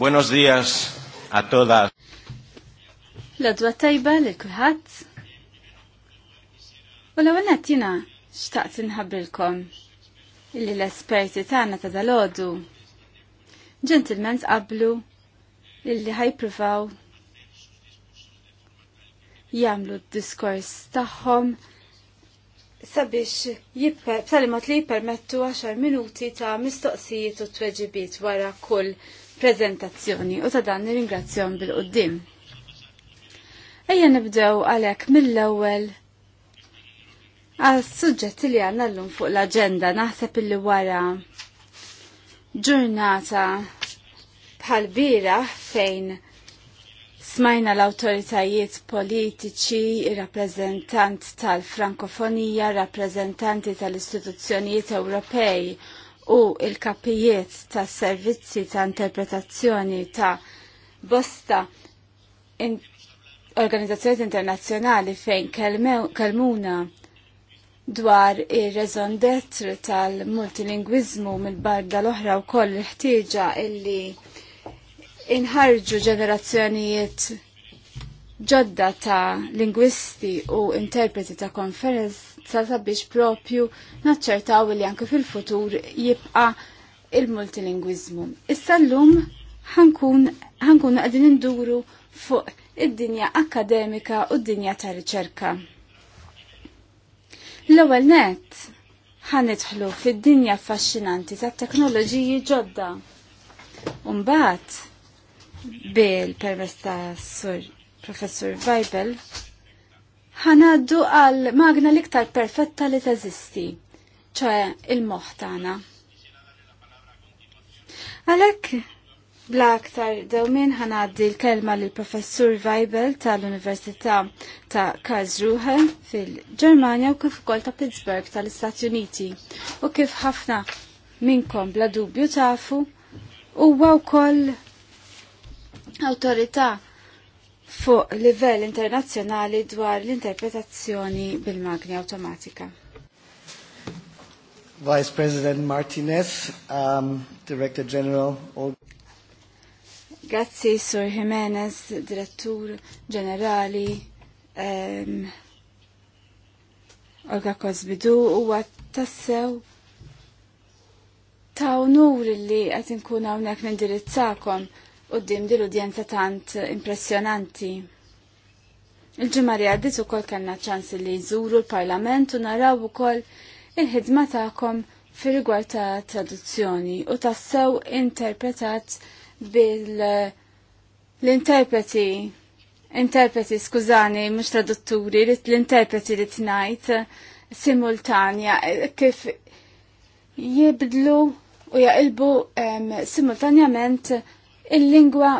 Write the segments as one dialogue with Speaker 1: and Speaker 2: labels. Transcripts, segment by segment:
Speaker 1: Buenos días a todas.
Speaker 2: L-adwa tajba li kulħadd. U l-ewwel jina xtaqt nħabrilkom illi l-esperti tagħna ta' dalodu. Gentlemen qablu illi ħajpruvaw jagħmlu d-diskors tagħhom sabiex b'tali mod li jippermettu 10 minuti ta' mistoqsijiet u tweġibiet wara kull prezentazzjoni u ta' dan nirringrazzjon bil-qoddim. Ejja nibdew għalek mill-ewwel għal suġġett li għanna l fuq l-agenda naħseb illi wara ġurnata bħal bira fejn Smajna l-autoritajiet politiċi, rappresentant tal-Frankofonija, rappresentanti tal-istituzzjonijiet Ewropej u il-kapijiet ta' servizzi ta' interpretazzjoni ta' bosta in organizzazzjoniet internazzjonali fejn kelmuna dwar ir-reżon detr tal-multilingwizmu mill-barda l-oħra u koll ħtieġa illi inħarġu ġenerazzjonijiet ġodda ta' lingwisti u interpreti ta' konferenza sabiex propju naċċertaw li anke fil-futur jibqa il-multilingwizmu. Issa l-lum ħankun għadin induru fuq id-dinja akademika u d-dinja ta' riċerka. L-ewwel net ħanidħlu fid-dinja affaxxinanti tat-teknoloġiji ġodda. Umbagħad bil permesta ta' sur professur Weibel, ħanaddu għal magna l-iktar perfetta li teżisti, ċe il moħtana tagħna. Għalhekk bla aktar dawmin ħanaddi l-kelma l professur Weibel tal-Università ta' Karlsruhe fil-Ġermanja u kif ukoll ta' Pittsburgh tal-Istati Uniti u kif ħafna minkom bla dubju tafu huwa wkoll awtorità fuq livell internazzjonali dwar l-interpretazzjoni bil-magni automatika.
Speaker 1: Vice President Martinez, um, Director General.
Speaker 2: Grazie, Sur Jimenez, Direttur Generali um, Olga Kozbidu, u tassew ta' unur li għat unek hawnhekk nindirizzakom. Uddim di l-udjenza tant impressjonanti. il ġimari li u kol kanna ċans li jżuru l-Parlament u naraw ukoll il-ħidma tagħkom fir-rigward ta' traduzzjoni u tassew interpretat bil l-interpreti interpreti skużani mhux tradutturi l-interpreti li t-najt simultanja eh, kif jibdlu u jaqilbu simultanjament il-lingwa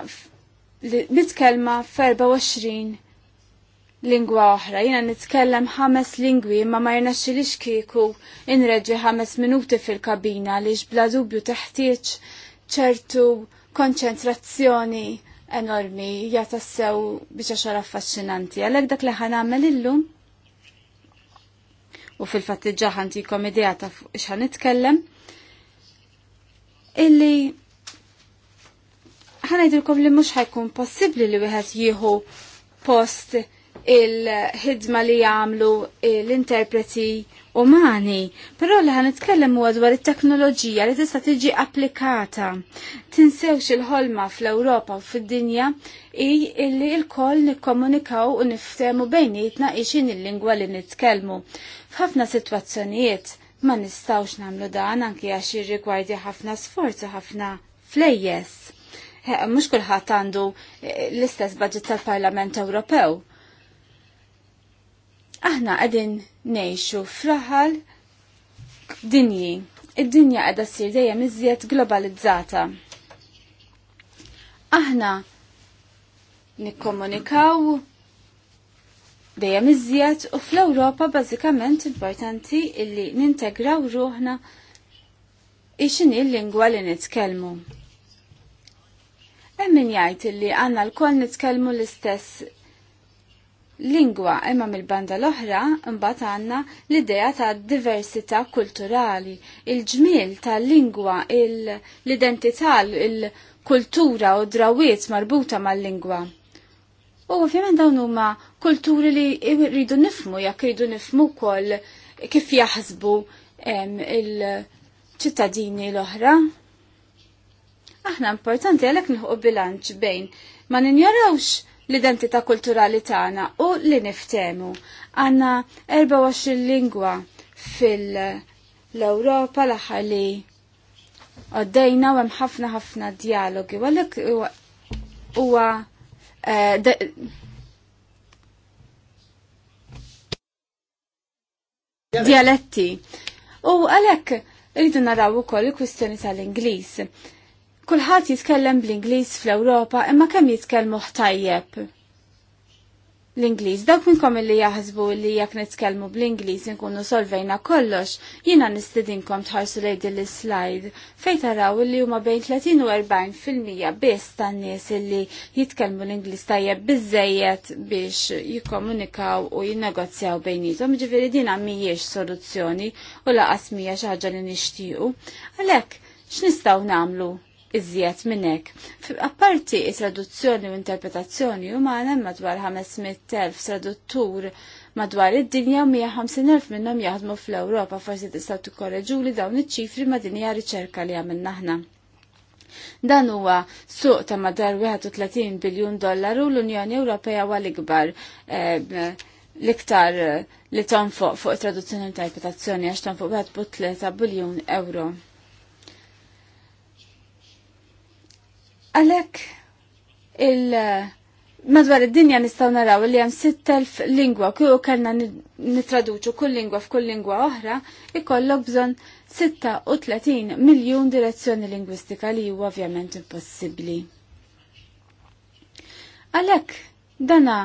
Speaker 2: mitkelma f-24 lingwa oħra. Jina nitkellem ħames lingwi imma ma jirnaxxilix kieku inreġi ħames minuti fil-kabina li bla dubju teħtieġ ċertu konċentrazzjoni enormi jatassew biex xar affaxxinanti. Għalek dak li għamel illum u fil-fatt ġaħan tikom idea ta' xan nitkellem illi ħanajdilkom li mhux ħajkun possibbli li wieħed jieħu post il-ħidma li jagħmlu l-interpreti umani, però li ħan nitkellem huwa dwar it-teknoloġija li tista' tiġi applikata. Tinsewx il-ħolma fl-Ewropa u fid-dinja hi illi l-koll nikkomunikaw u niftehmu bejnietna ixin il-lingwa li nitkellmu. F'ħafna sitwazzjonijiet ma nistawx nagħmlu dan anke għax jirrigwardja ħafna sforzi ħafna flejjes mhux kulħadd għandu eh, l-istess budget tal-Parlament Ewropew. Aħna qegħdin ngħixu fraħal dinji. Id-dinja s ssir dejjem iżjed globalizzata. Aħna nikkomunikaw dejjem iżjed u fl-Ewropa bażikament importanti illi nintegraw ruħna ixini l-lingwa li nitkellmu. Emmin jgħid li għanna l-koll nitkellmu l-istess lingwa imma mill-banda l-oħra mbagħad għandna l-idea ta' diversità kulturali, il-ġmiel tal-lingwa, l-identità, il-kultura u drawiet marbuta mal-lingwa. U ovvjament dawn huma kulturi li rridu nifmu jekk rridu nifmu wkoll kif jaħsbu il-ċittadini l-oħra Aħna importanti għalek nħuq bilanċ bejn ma ninjorawx l-identità kulturali tagħna u li niftemu. Għanna 24 lingwa fil-Europa l-aħħar li għoddejna u hemm ħafna ħafna dialogi. Għalek huwa eh, dialetti. U għalek rridu naraw ukoll il-kwistjoni tal-Ingliż. Kulħadd jitkellem bl-Ingliż fl-Ewropa imma kemm jitkellmu ħtajjeb l-Ingliż. Dawk minnkom li jaħsbu li jekk nitkellmu bl-Ingliż inkunu solvejna kollox, jiena nistidinkom tħarsu lejdi din l-slide fejn taraw li huma bejn 30 u 40 fil-mija biss tan-nies li jitkellmu l-Ingliż tajjeb biżejjed biex jikkomunikaw u jinnegozjaw bejnietom. Ġifieri din mhijiex soluzzjoni u laqas mija xi ħaġa li nixtiequ. Għalhekk x'nistgħu nagħmlu? iżjed minnek. Apparti traduzzjoni u interpretazzjoni umana madwar 500.000 traduttur madwar id-dinja u 150.000 minnhom jaħdmu fl-Ewropa forsi tistgħu li dawn iċ-ċifri ma' dinja riċerka li għamilna aħna. Dan huwa suq ta' madar 31 biljun dollaru l-Unjoni Ewropea huwa l-ikbar eh, l-iktar eh, li tonfoq fuq traduzzjoni u interpretazzjoni għax tonfoq 1.3 biljun euro. Għalek il- Madwar id-dinja nistaw naraw li hemm 6000 lingwa kieku kellna nitraduċu kull lingwa f'kull lingwa oħra, ikollok bżonn 36 miljun direzzjoni lingwistika li huwa ovvjament impossibbli. Għalhekk dana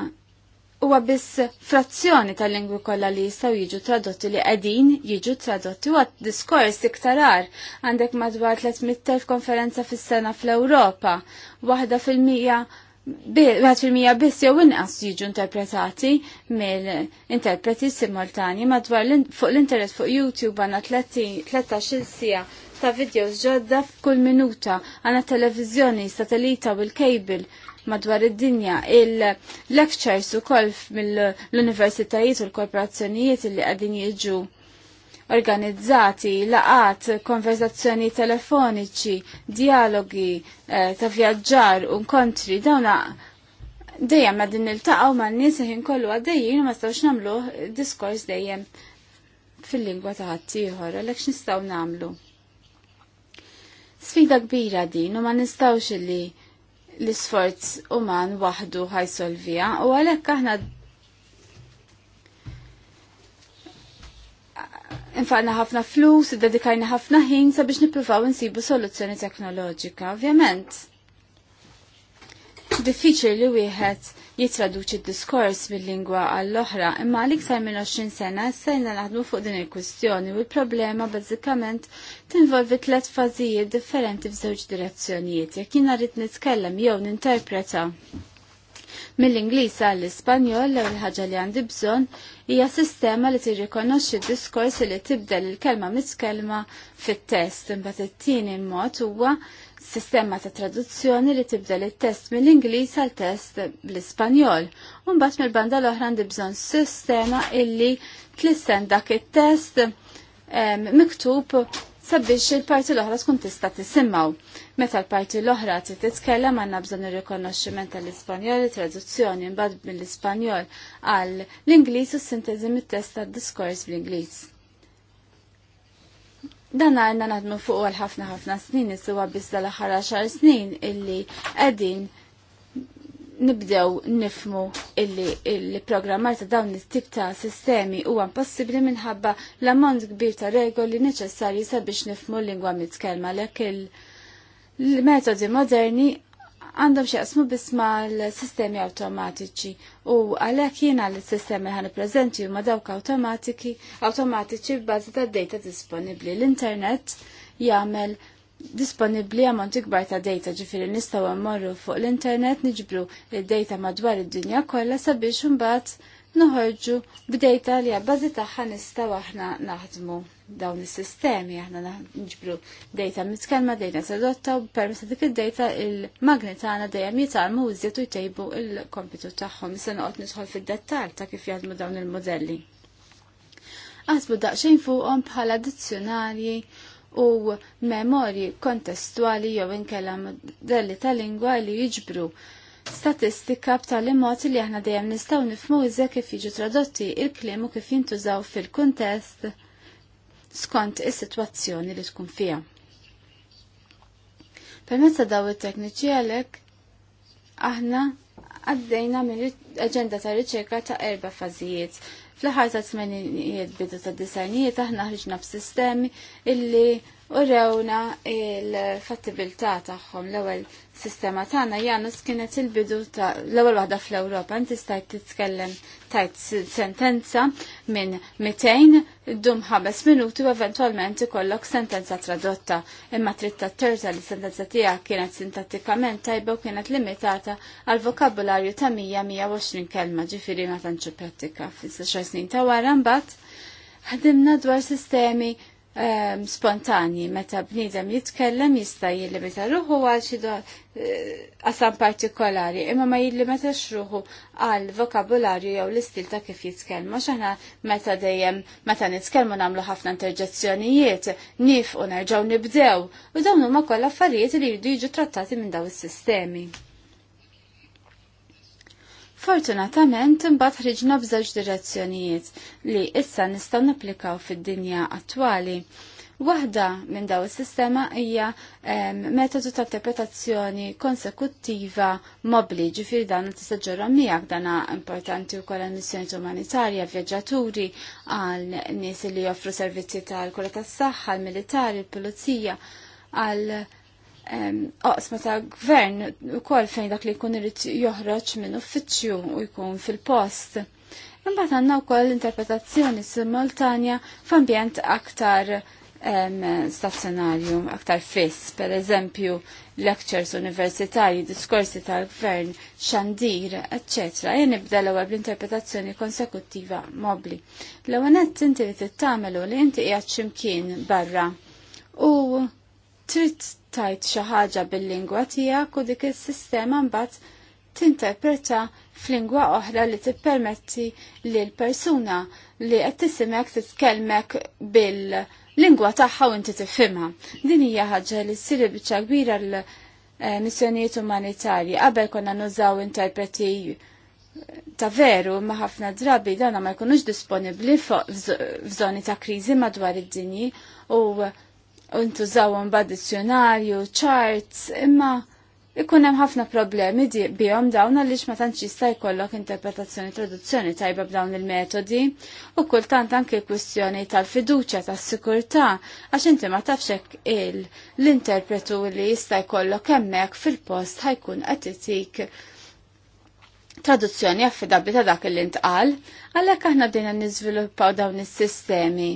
Speaker 2: huwa biss frazzjoni tal-lingwi kollha li jistgħu jiġu tradotti li qegħdin jiġu tradotti huwa diskors iktar għandek madwar 300,000 konferenza fis-sena fl-Ewropa, waħda fil-mija Għat fil-mija biss jew inqas jiġu interpretati mill-interpreti simultani madwar fuq l-internet fuq YouTube għandna 13 sija ta' videos ġodda f'kull minuta għandna televiżjoni, satellita u l-kejbil madwar id-dinja. Il-lectures u kolf mill-universitajiet u l-korporazzjonijiet li għadin jiġu organizzati, laqat, konverzazzjoni telefoniċi, dialogi eh, ta' vjaġġar u kontri, dawna dejjem ma din il-taqaw ma' n-nies ħin kollu għaddejjin ma stawx namlu diskors dejjem fil-lingwa ta' ħaddieħor, għalhekk x'nistgħu nagħmlu. Sfida kbira din u ma nistgħux li l-isforz uman waħdu ħajsolvija u għalhekk aħna Infanna ħafna flus, dedikajna ħafna ħin sabiex nippruvaw insibu soluzzjoni teknoloġika, ovvjament. Diffiċli li wieħed jitraduċi diskors mill-lingwa għall-oħra, imma l-iktar minn 20 sena sejna naħdmu fuq din il-kwistjoni u l-problema bażikament tinvolvi tliet fażijiet differenti f'żewġ direzzjonijiet. Jekk jiena rrid nitkellem jew ninterpreta mill-Ingliż għall-Ispanjol l ħaġa li għandi bżonn hija sistema li tirrikonoxxi d-diskors li tibdel il-kelma mis-kelma fit-test imbagħad it-tieni mod huwa sistema ta' traduzzjoni li tibdel it-test mill-Ingliż għal test bl-Ispanjol. Mbagħad mill-banda l-oħra għandi bżonn sistema illi tlisten dak it-test miktub sabiex il-parti l-oħra tkun tista' tisimgħu. Meta l-parti l-oħra trid titkellem għandna bżonn ir-rikonoxximent tal-Ispanjol, traduzzjoni mbagħad mill-Ispanjol għal l-Ingliż u s-sintesi mit-test tad-diskors bl-Ingliż. Dan għanna nadmu fuq għal ħafna ħafna snin, nisuwa bizda l-ħar 10 snin illi għedin nibdew nifmu illi il-programmar ta' dawn it-tip ta' sistemi huwa impossibbli minħabba l-ammont kbir ta' regoli neċessarji sabiex nifmu l-lingwa mitkellma lek il-metodi moderni għandhom xieqsmu bisma l-sistemi automatiċi u għalek jiena l-sistemi ħan prezenti u dawk automatiċi automatiċi b'bażi ta' data disponibli. L-internet jagħmel disponibli għamon tikbar ta' data ġifiri nistgħu mmorru fuq l-internet niġbru id-data madwar id-dinja kollha sabiex imbagħad noħorġu b'dejta li għabbażi tagħha nista' aħna naħdmu dawn is-sistemi aħna nġbru data mitkellma dejna sadotta u permess dik id-data il-magnet għana dejjem jitalmu u jżidu jtejbu il-kompitu tagħhom issa noqgħod nidħol fid-dettall ta' kif jaħdmu dawn il-modelli. Għasbu daqsxejn fuqhom bħala dizzjonarji u memorji kontestwali jew inkella modelli ta' lingwa li jiġbru statistika b'tali mod li aħna dejjem nistgħu nifhmu kif jiġu tradotti il-kliem u kif jintużaw fil-kuntest skont is-sitwazzjoni li tkun fija. Permezz daw it-tekniċi għalhekk aħna għaddejna mill aġenda ta' riċerka ta' erba' fażijiet. Fl-ħar ta' tmenijiet bidu ta' disajnijiet aħna ħriġna b'sistemi illi urewna il-fattibilità tagħhom l-ewwel sistema tagħna Janus kienet il-bidu ta' l-ewwel waħda fl-Ewropa inti stajt titkellem tajt sentenza minn 200 dum ħabes minuti u eventwalment ikollok sentenza tradotta. Imma trid terza li sentenza tiegħek kienet sintattikament tajba u kienet limitata għal vokabularju ta' 100-120 kelma ġifieri ma tantx pratika fis-10 snin ta' wara mbagħad ħadimna dwar sistemi spontani meta bnidem jitkellem jista' jillimita ruħu għal xi eh, qasam partikolari imma ma jillimitax xruħu għal vokabularju jew l-istil ta' kif Ma x'aħna meta dejjem meta nitkellmu nagħmlu ħafna interġezzjonijiet nif u nerġgħu nibdew u dawn huma kollha affarijiet li jridu jiġu trattati minn daw is-sistemi. Fortunatament imbagħad ħriġna b'żewġ direzzjonijiet li issa nistgħu napplikaw fid-dinja attwali. Waħda minn daw is-sistema hija metodu ta' interpretazzjoni konsekuttiva mobli, ġifieri dan tista' ġorra miegħek dana importanti wkoll għal missjoni umanitarja, vjaġġaturi, għal nies li joffru servizzi tal-kura tas-saħħa, għal militari, il-pulizija, għal ma ta' gvern u kol fejn dak li jkun irrit joħroġ minn uffiċċju u jkun fil-post. Imbagħad għandna wkoll interpretazzjoni simultanja f'ambjent aktar stazzjonarju, aktar fiss, per eżempju, lectures universitari, diskorsi tal-gvern, xandir, etc. Jien nibda l-ewwel bl-interpretazzjoni konsekuttiva mobli. L-ewwel nett inti li t-tamelu li inti jgħat x'imkien barra u trid tajt xi ħaġa bil-lingwa tiegħek u dik is-sistema mbagħad tinterpreta f'lingwa oħra li tippermetti li l-persuna li qed tisimek titkellmek bil-lingwa tagħha u inti tifhimha. Din hija ħaġa li ssir biċċa kbira l-missjonijiet eh, umanitarji qabel konna nużaw interpreti ta' veru ma' ħafna drabi dana ma' jkunux fuq f'żoni ta' kriżi madwar id-dinji u intużawhom b'addizzjonarju, charts, imma ikun hemm ħafna problemi bihom dawn għaliex ma tantx jista' jkollok interpretazzjoni traduzzjoni tajba b'dawn il-metodi u kultant anke kwistjoni tal-fiduċja tas-sikurtà għax inti ma tafx il l-interpretu li jista' jkollok hemmhekk fil-post ħajkun qed itik traduzzjoni affidabli ta' dak li ntqal, għalhekk aħna bdejna niżviluppaw dawn is-sistemi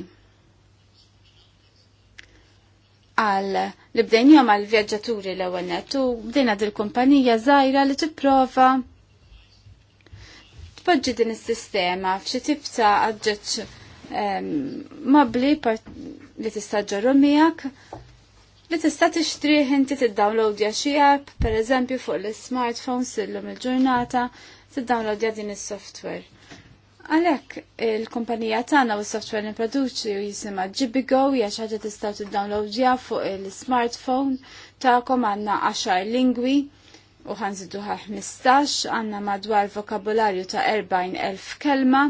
Speaker 2: għal li bdejnijom għal vjaġġaturi l ewwelnet u bdejna dil-kumpanija zaħira li tipprova tpoġġi din is-sistema f'xi tip ta' aġġeġġ ehm, li tista' ġorru miegħek li tista' tixtrih inti tiddownloadja xi app, pereżempju fuq l-smartphones illum il-ġurnata, tiddownloadja din is-software. Għalek, il-kumpanija tagħna u s-software li produċi jisima Jibigo, jaxħaġa xi ħaġa tistgħu fuq il-smartphone tagħkom għandna 10 lingwi u ħanżidu 15 għandna madwar vokabularju ta' 40,000 kelma.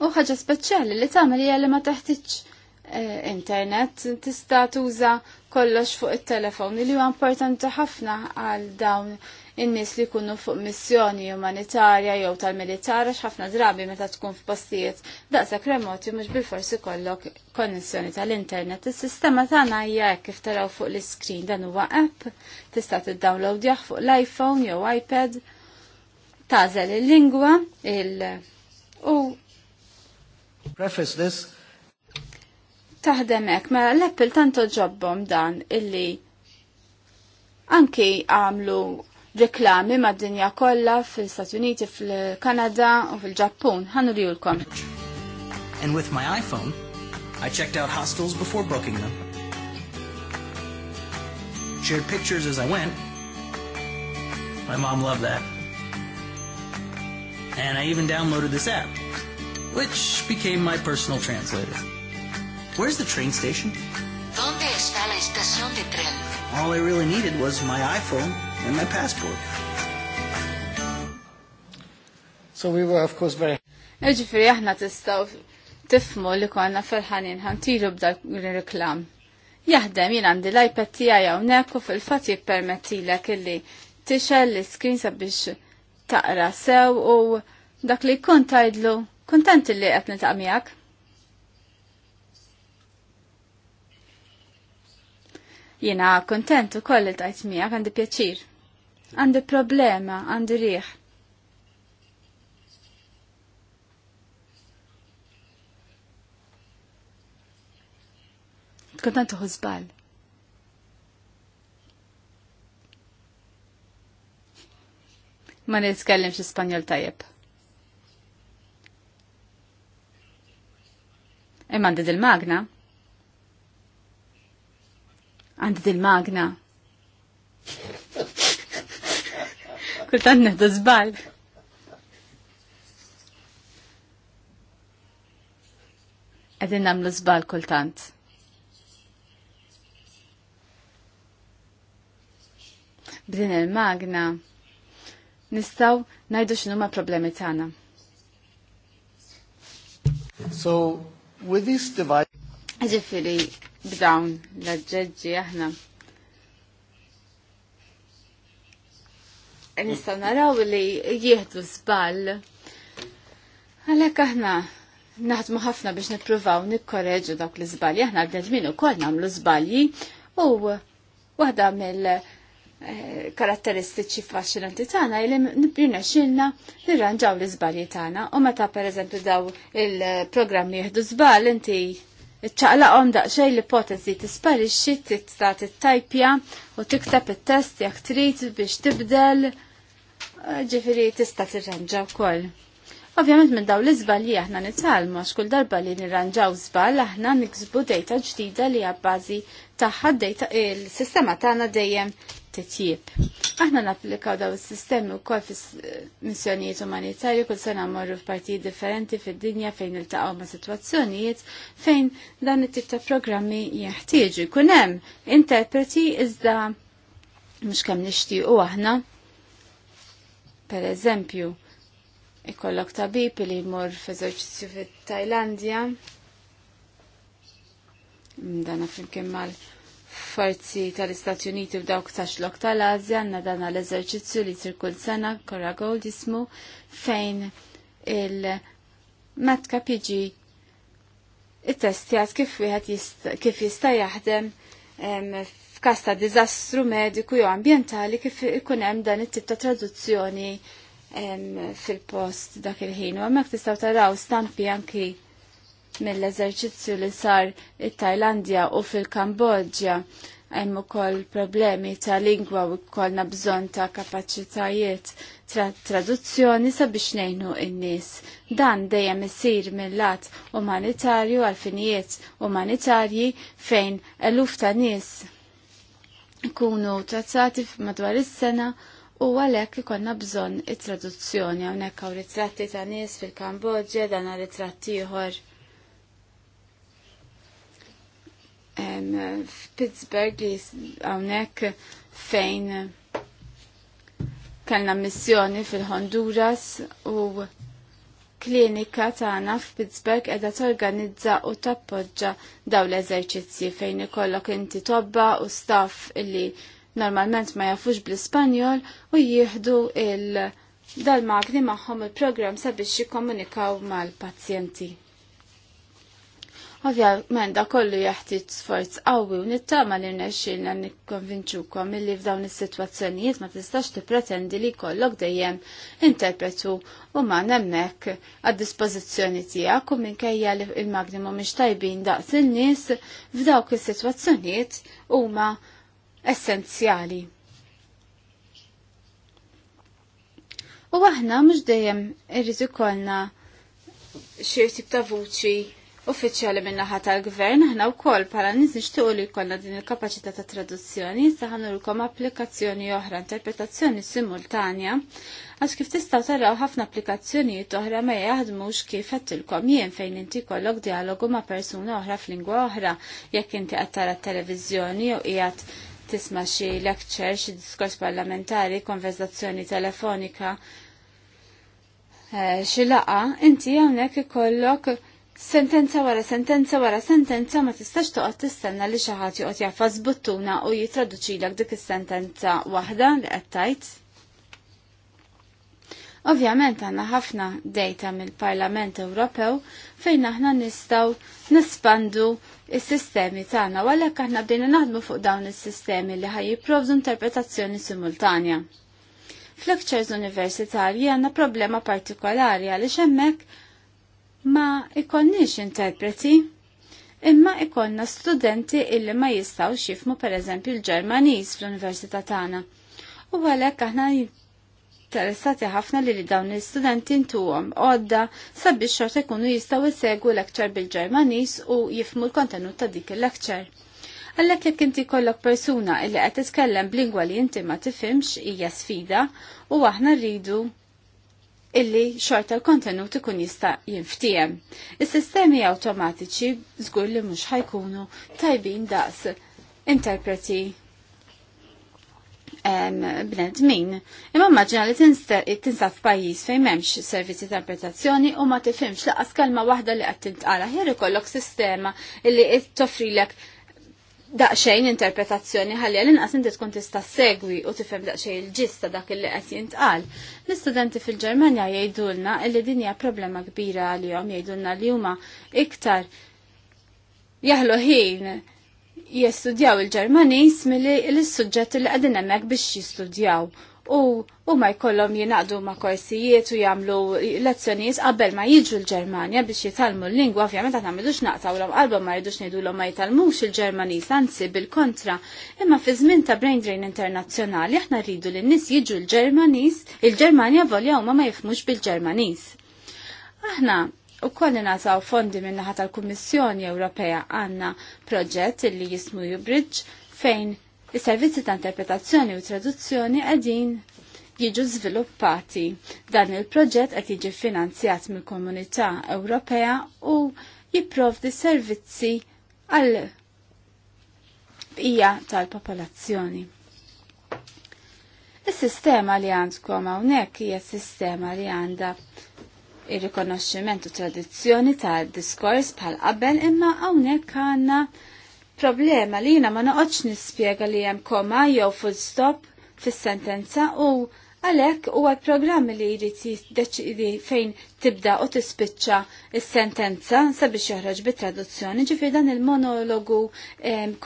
Speaker 2: U ħaġa speċjali li tagħmel hija li ma teħtieġ eh, internet tista' tuża kollox fuq it-telefon li huwa importanti ħafna għal dawn in-nies li jkunu fuq missjoni umanitarja jew tal-militar għax ħafna drabi meta tkun f'postijiet daqshekk remoti mhux bilforsi kollok konnessjoni tal-internet. Is-sistema tagħna hija hekk kif taraw fuq l iscreen dan huwa app tista' tiddownloadjah fuq l-iPhone jew iPad tażel il-lingwa il u
Speaker 1: Preface this
Speaker 2: taħdem hekk mela l-Apple tanto ġobbhom dan illi anki għamlu reklami mad-dinja kolla fil-Stati Uniti, fil-Kanada u fil-Ġappun. Ħannu rijulkom.
Speaker 1: And with my iPhone, I checked out hostels before booking them.
Speaker 3: Shared pictures as I went. My mom loved that. And I even downloaded this app, which became my personal translator. Where's the train station?
Speaker 1: All I really needed was my iPhone and my passport. So we were of course very...
Speaker 2: E, ġifiri, aħna tistaw tifmu li konna ferħanin ħantilu b'dak reklam. Jaħdem jien għandi l-iPad tiegħi hawnhekk u fil-fatt jippermettilek illi tixel l-iskrin sabiex taqra sew u dak li jkun tajdlu kuntent li qed taqmijak. jina kontent u koll tajt miegħek għandi pjaċir. Għandi problema, għandi riħ. Kontent uħu Ma Ma xi spanjol tajjeb. Imma għandi dil-magna għand din magna Kultant neħdu zbal. Għedin namlu zbal kultant. B'din il-magna nistaw najdu xinu ma problemi tagħna. So, with this device... Ġifiri, b'dawn l-ġeġġi aħna. E Nistaw naraw li jieħdu żball. Għalhekk aħna naħdmu ħafna biex nippruvaw nikkoreġu dawk l-żbalji, aħna bnedmin ukoll nagħmlu żbalji u waħda mill eh, karatteristiċi faxxinanti tagħna li nibjuna xinna nirranġaw l-iżbalji tagħna u meta pereżempju daw il-programmi jieħdu żball inti ċaqlaqom daqxej l-ipotezi tisparixxi t tajpja u tiktab it-test jekk trid biex tibdel eh, ġifieri tista' u koll. Ovvjament minn dawn l-iżbalji aħna nitalmu għax kull darba li nirranġaw żball aħna niksbu dejta ġdida li għabbazi tagħha dejta il-sistema tagħna dejjem titjib. Aħna napplikaw daw is-sistemi wkoll fis missjonijiet umanitarju kull sena mmorru f'partijiet differenti fid-dinja fejn iltaqgħu ma' sitwazzjonijiet fejn dan it-tip ta' programmi jeħtieġu. Kunem, interpreti iżda mhux kemm nixtiequ aħna. Per eżempju, ikollok tabib li jmur f'eżerċizzju fit-Tajlandja. Mm, dana flimkien mal- forzi tal-Istati Uniti u dawk tax-lok tal-Azja għandna dan l-eżerċizzju li sir kull sena korra gold jismu fejn il-matka piġi it-testjat kif wieħed kif jista' jaħdem f'każ ta' diżastru mediku jew ambjentali kif ikun hemm dan it-tip ta' traduzzjoni fil-post dak il-ħin. U hemmhekk tistgħu taraw stampi anki mill-eżerċizzju li sar it-Tajlandja u fil-Kambodġja hemm ukoll problemi ta' lingwa u kollna bżonn ta' kapaċitajiet tra traduzzjoni sabiex ngħinu n nies Dan dejjem isir mill-lat umanitarju għal finijiet umanitarji fejn eluf ta' nies ikunu trattati madwar is-sena u għalhekk ikollna bżonn it-traduzzjoni hawnhekk hawn ritratti ta' nies fil kambodja dan ritratti ieħor Uh, Pittsburgh li hawnhekk fejn kellna missjoni fil-Honduras u klinika tagħna f'Pittsburgh qiegħda torganizza u tappoġġa dawn l-eżerċizzji fejn ikollok inti tobba u staff illi normalment ma jafux bl-Ispanjol u jieħdu il dal-magni magħhom il-programm sabiex jikkomunikaw mal-pazjenti. Ovvjament da kollu jeħtieġ sforz qawwi u nittama li rnexxilna nikkonvinċukom milli f'dawn is-sitwazzjonijiet ma tistax tippretendi li jkollok dejjem interpretu u ma hemmhekk għad-dispożizzjoni tiegħek u minkejja li l-magnum mhumiex tajbin daqs in-nies f'dawk is-sitwazzjonijiet huma essenzjali. U aħna mhux dejjem irrid ikollna xi tip ta' vuċi uffiċjali min-naħa tal-gvern, aħna wkoll bħala nies nixtiequ li jkollna din il-kapaċità ta' traduzzjoni, issa applikazzjoni oħra, interpretazzjoni simultanja, għax kif tista' taraw ħafna applikazzjonijiet oħra ma jaħdmux kif qedtilkom jien fejn inti jkollok dialogu ma' persuna oħra f'lingwa oħra, jekk inti qed tara t-televiżjoni qiegħed tisma' xi lecture, xi diskors parlamentari, konverzazzjoni telefonika, eh, xi laqa, inti hawnhekk ikollok Sentenza wara sentenza wara sentenza ma tistax toqgħod tistenna li xi ħadd joqgħod jaffa żbuttuna u jitraduċilek dik is-sentenza waħda li qed tajt. Ovvjament għandna ħafna data mill-Parlament Ewropew fejn aħna nistgħu nispandu is-sistemi tagħna u għalhekk aħna bdejna naħdmu fuq dawn is-sistemi li ħaj jipprovdu interpretazzjoni simultanja. Fl-lectures universitarji għandna problema partikolari għaliex hemmhekk ma ikonniex interpreti imma ikonna studenti illi ma jistaw xifmu per eżempju l-Ġermaniż fl-Università tagħna. U għalhekk aħna interessati ħafna li dawn l-istudenti intuhom għodda sabiex xorta jkunu jistgħu isegwu lecture bil-Ġermaniż u jifmu l-kontenut ta' dik il-lecture. Għallek jekk inti kollok persuna illi qed titkellem b'lingwa li inti ma tifhimx hija sfida u aħna rridu illi xorta l-kontenut ikun jista' jinftiem. Is-sistemi awtomatiċi żgur li mhux ħajkunu tajbin daqs interpreti bnedmin. Imma maġna li tinsa f'pajjiż fejn m'hemmx servizzi ta' interpretazzjoni u ma tifhimx laqas kelma waħda li qed tintqala ħir ikollok sistema illi toffrilek daqxejn interpretazzjoni ħalli l-inqas inti tkun tista' segwi u tifhem daqxejn il-ġista dak li qed jintqal. L-istudenti fil-Ġermanja jgħidulna li din hija problema kbira għalihom jgħidulna li huma iktar jaħlu ħin jistudjaw il-Ġermaniż milli l-suġġett li qegħdin hemmhekk biex jistudjaw u huma jkollhom jingħaqdu ma' korsijiet u jagħmlu lezzjonijiet qabel ma jiġu l-Ġermanja biex jitalmu l-lingwa ovvjament aħna m'ridux naqtawlhom qalbhom ma jridux ngħidulhom ma jitalmux il-Ġermaniż anzi bil-kontra. Imma fi żmien ta' brain drain internazzjonali aħna rridu li n-nies jiġu l-Ġermaniż, il-Ġermanja volja huma ma jifhmux bil-Ġermaniż. Aħna U kolli nasaw fondi min-naħa tal-Kummissjoni Ewropea għanna proġett li jismu Bridge fejn Is-servizzi ta' interpretazzjoni u traduzzjoni qegħdin jiġu żviluppati. Dan il-proġett qed jiġi finanzjat mill-Komunità Ewropea u jipprovdi servizzi għal bqija tal-popolazzjoni. Is-sistema li għandkom hawnhekk hija sistema li għandha ir-rikonoxximent u tradizzjoni tad diskors bħal qabel imma hawnhekk għandna problema li jina ma noqgħodx nispjega li hemm koma jew full stop fis-sentenza u għalhekk huwa l-programmi li jrid jiddeċidi fejn tibda u tispiċċa is-sentenza sabiex joħroġ bit-traduzzjoni, ġifier dan il-monologu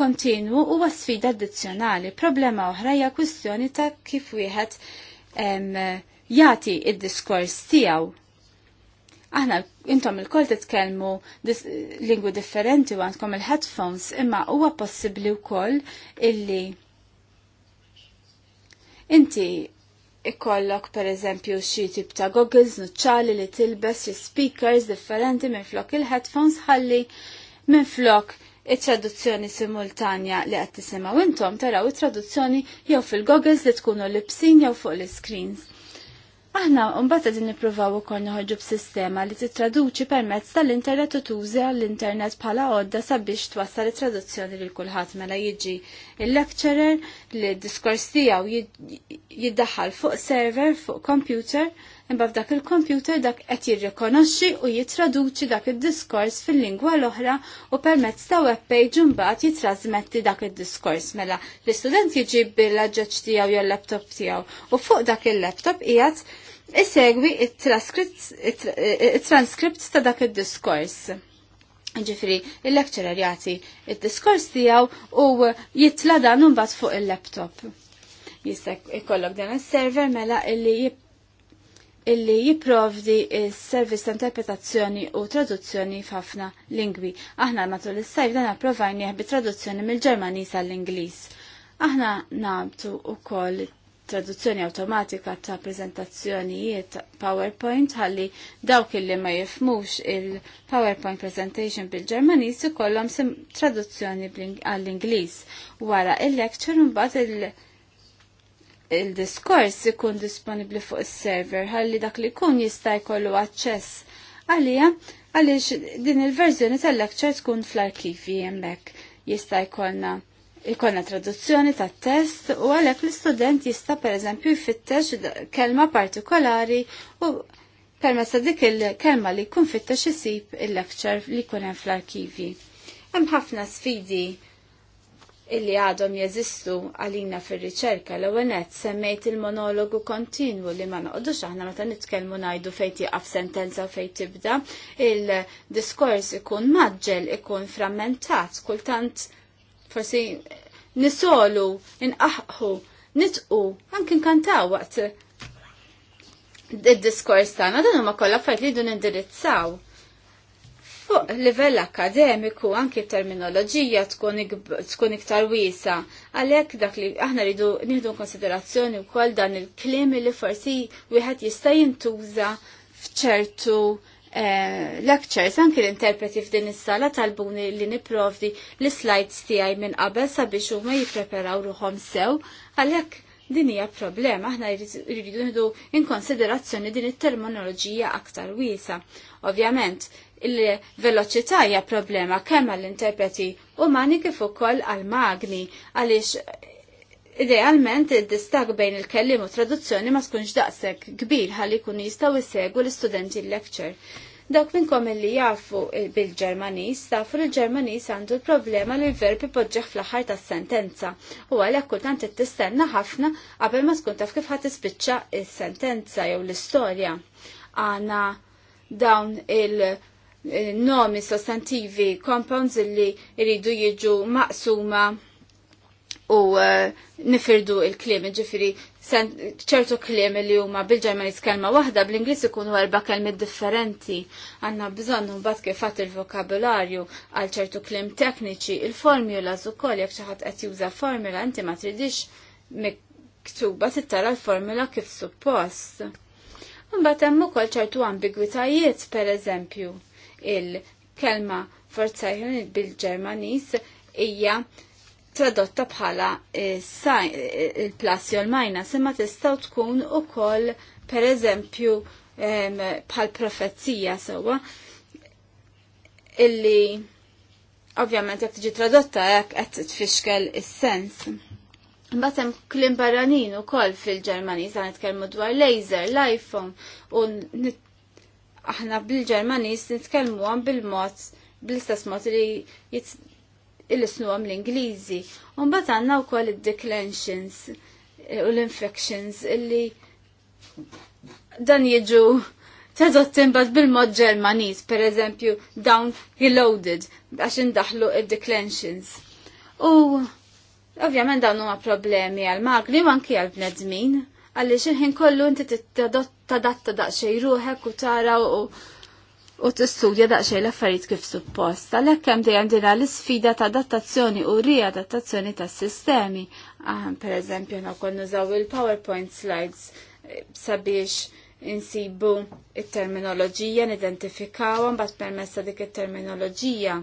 Speaker 2: kontinwu huwa sfida addizzjonali. Problema oħra hija kwistjoni ta' kif wieħed jagħti id-diskors tiegħu Aħna intom il-kol titkellmu lingwi differenti u għandkom il-headphones imma huwa possibbli wkoll illi inti ikollok per eżempju xi tip ta' goggles nuċċali li tilbes xi speakers differenti minn flok il-headphones ħalli minn flok it-traduzzjoni simultanja li qed tisimgħu intom taraw it-traduzzjoni jew fil-goggles li tkunu libsin jew fuq l-screens. Aħna mbagħad qegħdin nippruvaw ukoll noħorġu b'sistema li titraduċi permezz tal-internet u tuża l-internet bħala għodda sabiex twassal it-traduzzjoni lil kulħadd mela jiġi il-lecturer li d-diskors tiegħu jiddaħħal fuq server fuq computer imma f'dak il-kompjuter dak qed jirrikonoxxi u jitraduċi dak id-diskors fil-lingwa l-oħra u permezz ta' web page mbagħad jitrażmetti dak id-diskors mela l-istudent jiġib bil-ġeġġ tiegħu jew laptop tiegħu u fuq dak il-laptop qiegħed isegwi it-transkript ta' dak id-diskors. Ġifri, il-lecturer jagħti id-diskors tiegħu u jitla dan imbagħad fuq il-laptop. Jista' jkollok dan is-server mela illi illi jiprovdi il-servis ta' interpretazzjoni u traduzzjoni f'ħafna lingwi. Aħna matul is-sajf dan approvajni bi traduzzjoni mill-Ġermaniż għall-Ingliż. Aħna nabtu ukoll traduzzjoni awtomatika ta' prezentazzjonijiet PowerPoint għalli dawk illi ma jifmux il-PowerPoint presentation bil-Ġermaniż ikollhom traduzzjoni għall-Ingliż. Wara il-lecture mbagħad il-, -lecture, il-diskors ikun disponibli fuq is-server ħalli dak li jkun jista' jkollu aċċess għalija għaliex din il-verżjoni tal-lecture tkun fl-arkivi hemmhekk jista' jkollna jkollna traduzzjoni tat test u għalhekk l-istudent jista' pereżempju jfittex kelma partikolari u permessa dik il-kelma li jkun fittex isib il-lecture li jkun hemm fl-arkivi. Hemm ħafna sfidi illi għadhom jeżistu għalina fir-riċerka l ewwenet semmejt il-monologu kontinwu li ma noqdux aħna meta nitkellmu ngħidu fejn tieqaf sentenza u fejn tibda, il-diskors ikun maġġel, ikun frammentat, kultant forsi nisolu, inqaħħu, nitqu, Anke nkantaw waqt id-diskors tagħna dan huma kollha affarijiet li jdu nindirizzaw Fuq livell akademiku anki terminoloġija tkun, tkun iktar wiesa għalhekk dak li aħna rridu nieħdu konsiderazzjoni wkoll dan il kliem li forsi wieħed jista' jintuża f'ċertu Eh, lectures, anki l-interpreti f'din is-sala talbuni li niprovdi l-slides tiegħi minn qabel sabiex huma jippreparaw ruhom sew, għalhekk din hija problema, aħna jridu nieħdu in konsiderazzjoni din it-terminoloġija aktar wiesa. Ovvjament, il-veloċità hija problema kemm għall-interpreti umani kif ukoll għall-magni għaliex Idealment, id-distag bejn il-kellim u traduzzjoni ma tkunx daqshekk kbir ħalli jkunu jistgħu jsegwu l-istudenti l-lecture. Dawk minnkom li jafu bil-Ġermanis, tafu li l-Ġermanis għandu l-problema li l-verb ipoġġeħ fl-aħħar tas-sentenza. U għalhekk kultant tistenna ħafna qabel ma tkun taf kif ħadd spicċa s-sentenza jew l-istorja. Għana dawn il- Eh, nomi sostantivi compounds illi iridu jiġu maqsuma u eh, nifirdu il-klim, ġifiri ċertu klim li huma bil-Ġermanis kelma waħda, bl-Ingliż ikunu erba' kelmi differenti. Għandna bżonn mbagħad kif fatt il-vokabularju għal ċertu klim tekniċi, il-formulas ukoll jekk xi ħadd qed juża formula inti ma tridix miktuba tittara l-formula kif suppost. Imbagħad hemm ukoll ċertu ambigwitajiet pereżempju il-kelma Verzeichen bil-Ġermanis hija tradotta bħala il-plus majna il-minus tkun u tkun ukoll pereżempju bħal profezija sewwa illi ovvjament jekk tiġi tradotta jekk qed tfixkel is-sens. Mbagħad hemm klim barranin ukoll fil-Ġermaniż għan nitkellmu dwar laser, l-iPhone u aħna bil-Ġermanis nitkellmu bil-mod bl-istess mod li jitt snu għam l-Ingliżi. Unbat għanna u koll il-declensions eh, u l-infections illi dan jiġu tadottin bad bil-mod ġermaniz, per eżempju, down reloaded, għax indaħlu il-declensions. U ovvjament dawn huma problemi għal magli u anki għal-bnedmin għalli ħin kollu inti t-tadatta daqxej ruħek u tara u t-studja daqxej l-affarijiet kif suppost. Għalhekk hemm dejjem dira l-isfida ta' adattazzjoni u riadattazzjoni tas sistemi. Aħan pereżempju aħna konnu zaw il-PowerPoint slides eh, sabiex insibu il-terminologija, terminoloġija identifikawan bat permessa dik it-terminoloġija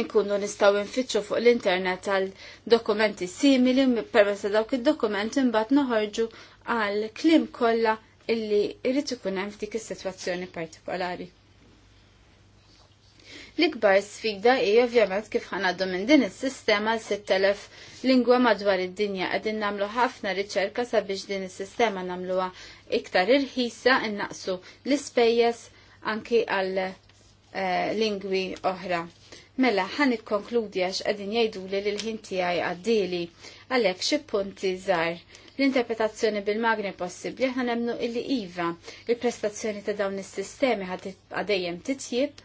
Speaker 2: inkunu nistaw infittxu fuq l-internet għal dokumenti simili permezz dawk id-dokumenti mbagħad noħorġu għal klim kollha illi jrid ikun hemm f'dik is-sitwazzjoni partikolari. L-ikbar sfida hi ovvjament kif ħanaddu minn din is-sistema l 6000 lingwa madwar id-dinja qegħdin nagħmlu ħafna riċerka sabiex din is-sistema nagħmluha iktar irħisa innaqsu l-ispejjeż anki għal eh, lingwi oħra. Mela, ħan konkludi għax għadin jajdu li l-ħin tijaj għaddili. Għalek, xie punti zar? L-interpretazzjoni bil-magni possibli ħan nemnu illi iva. Il-prestazzjoni ta' dawn is-sistemi għadejjem titjib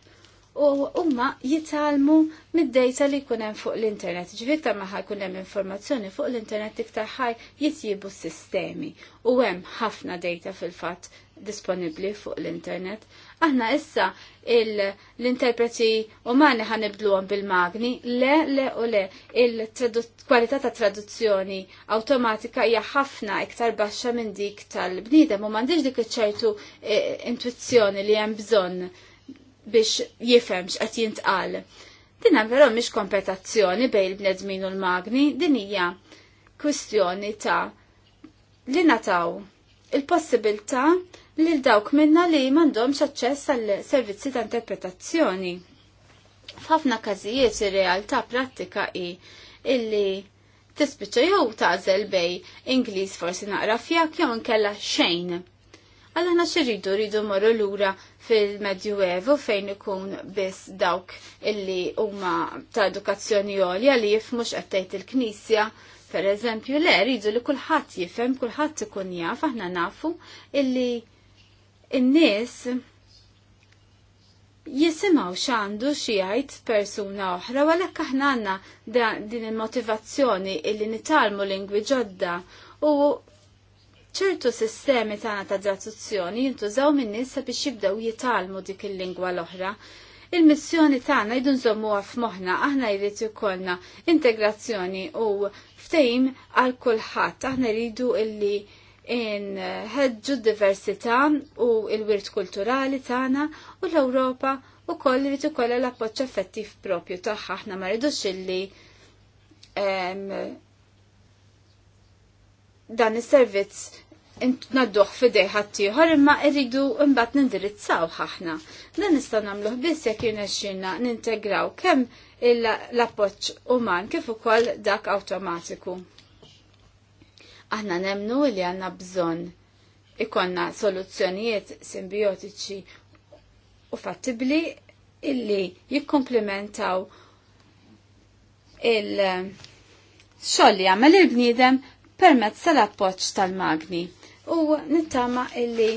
Speaker 2: u huma jitalmu mid-dejta li kunem fuq l-internet. Ġvita maħħa kunem informazzjoni fuq l-internet iktar ħaj jitjibu s-sistemi. U hemm ħafna dejta fil-fat disponibli fuq l-internet. Aħna issa l-interpreti umani ħanibdluhom bil-magni, le, le u le, il-kwalità ta' traduzzjoni automatika hija ħafna iktar baxxa minn dik tal-bniedem u m'għandix dik ċertu e, intuizzjoni li hemm bżonn biex jifhem x'qed jintqal. Din hemm vero mhix kompetazzjoni bejn il-bnedmin u l-magni, din hija kwistjoni ta' li nataw il-possibilità lil dawk minna li m'għandhomx aċċess għal servizzi ta' interpretazzjoni. F'ħafna każijiet ir-realtà prattika hi illi tispiċċa jew tażel bej Ingliż forsi naqra fjak jew inkella xejn. Għalana xirridu rridu morru lura fil-Medju Evu fejn ikun biss dawk illi huma ta' edukazzjoni għolja li jifmux għattajt il-Knisja. Per eżempju, le rridu li kulħadd jifhem, kulħadd ikun jaf, aħna nafu illi in-nies jisimaw xandu xijajt persuna oħra, għalek aħna għanna din il-motivazzjoni illi nitalmu lingwi ġodda u ċertu sistemi tagħna ta' traduzzjoni jintużaw minn nies biex jibdew jitalmu dik il-lingwa l-oħra. Il-missjoni tagħna jdu nżommuha f'moħħna aħna jrid ikollna integrazzjoni u ftejm għal kulħadd aħna jridu illi in d-diversità u l-wirt kulturali tagħna u l-Ewropa u koll li tukolla l-appoċ effettiv propju tagħha aħna ma rridux dan is-servizz nadduħ fidej ħaddieħor imma iridu mbagħad nindirizzaw ħaħna. Dan nista' nagħmluh biss jekk jirnexxinna nintegraw kemm l-appoċ uman kif ukoll dak awtomatiku. Aħna nemnu li għanna bżon ikonna soluzzjonijiet simbiotiċi u fattibli illi jikkomplementaw il-xoll eh, li għamel il-bnidem permezz tal-appoċ tal-magni. U nittama illi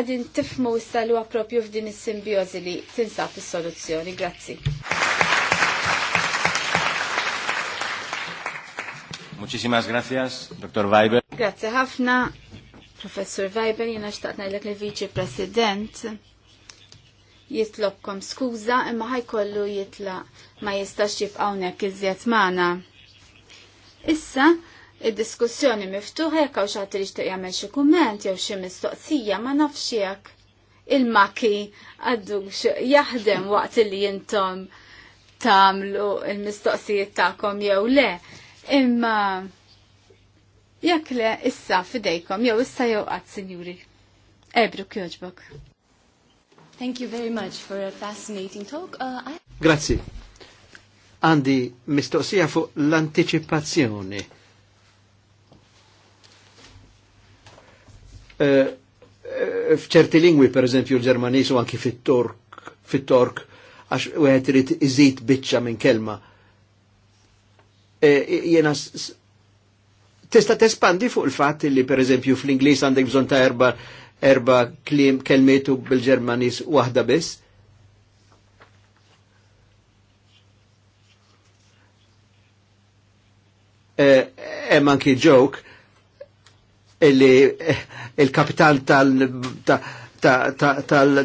Speaker 2: għedin tifmu s-salwa propju f'din is-simbiozi li tinsab is-soluzzjoni. Grazzi.
Speaker 1: Muchísimas gracias, Dr. Weiber.
Speaker 2: Grazie ħafna, Professor Weiber, jena xtaqt najlek li viċi president jitlobkom skuza imma ħajkollu jitla ma jistax jibqawnek iżjed magħna. Issa, il diskussjoni miftuħa jekk hawn xi jixtieq jagħmel xi kumment jew xi mistoqsija ma nafx il-maki għaddux jaħdem waqt li jintom tamlu il-mistoqsijiet tagħkom jew le. Imma jekk le issa fidejkom, jew issa jew qatt, sinjuri. Ebru kjoġbok. Thank you very much for a fascinating talk. Uh, I...
Speaker 1: Grazzi. Għandi mistoqsija fuq l-anticipazzjoni. Uh, fċerti lingwi, per eżempju, l-Ġermanis u anki fit-Tork, fit-Tork, għax u għed irid iżid bicċa minn kelma. Eh, jena tista tespandi fuq il-fat li per eżempju fl-Inglis għandek bżon ta' erba, erba klim kelmetu bil-Ġermanis wahda biss. Eh, hemm anki joke illi eh, il-kapitan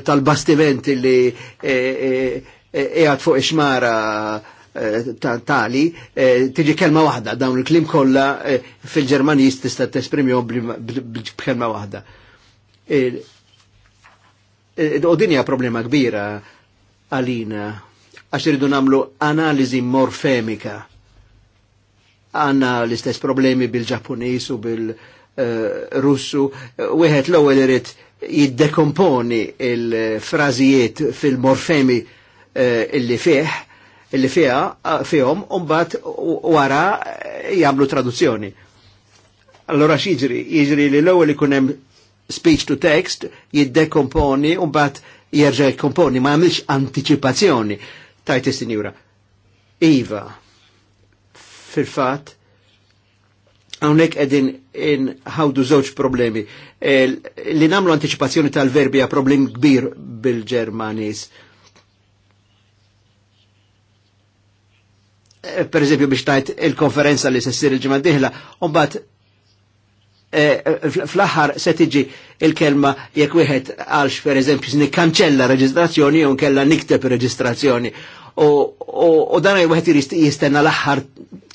Speaker 1: tal-bastiment illi qiegħed fuq ixmara Eh, tali eh, tiġi kelma waħda, dawn il-klim kollha eh, fil-Ġermanis tista' tesprimjhom b'kelma waħda. U dinja problema kbira għalina għax iridu namlu analiżi morfemika. Għanna l-istess problemi bil-Ġapunis u bil-Russu. Wieħed l-ewwel irid jiddekomponi il-frażijiet fil-morfemi illi fih illi fiha fihom u wara jagħmlu traduzzjoni. Allora x'jiġri? Jiġri li l-ewwel ikun hemm speech to text jiddekomponi u jerġa' jkomponi ma jagħmilx anticipazzjoni. Tajt is-sinjura. Iva, fil-fatt, għonek edin ħawdu żewġ problemi. Eh, li namlu anticipazzjoni tal-verbi għa problem kbir bil-Ġermanis. Eh, per eżempju biex tajt il-konferenza li s-sir il-ġimma diħla, unbat eh, fl-axar se tiġi il-kelma jekk wieħed għalx per eżempju nikkanċella reġistrazzjoni u nkella nikteb reġistrazzjoni. U dan wieħed jistenna l-axar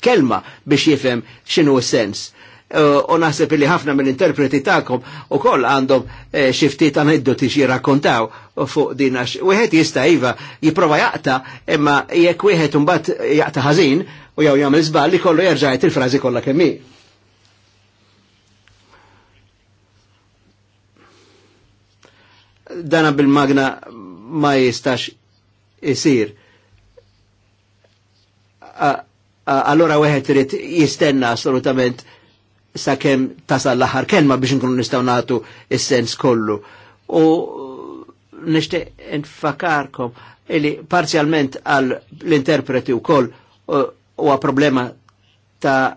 Speaker 1: kelma biex jifhem x'inhu s-sens. Eh, u naħseb li ħafna mill-interpreti tagħkom ukoll għandhom eh, xiftit aneddoti xi rakkontaw fuq din għax wieħed jista' iva jipprova jaqta imma jekk wieħed imbagħad jaqta ħażin u jew jagħmel żball li kollu jerġa' il-frażi kollha kemm dana bil-magna ma jistax isir. Allora weħet rrit jistenna assolutament sakemm tasal laħar kelma biex nkunu nistgħu nagħtu il sens kollu. U nishtiq nfakarkom illi parzjalment għal l-interpreti wkoll huwa problema ta'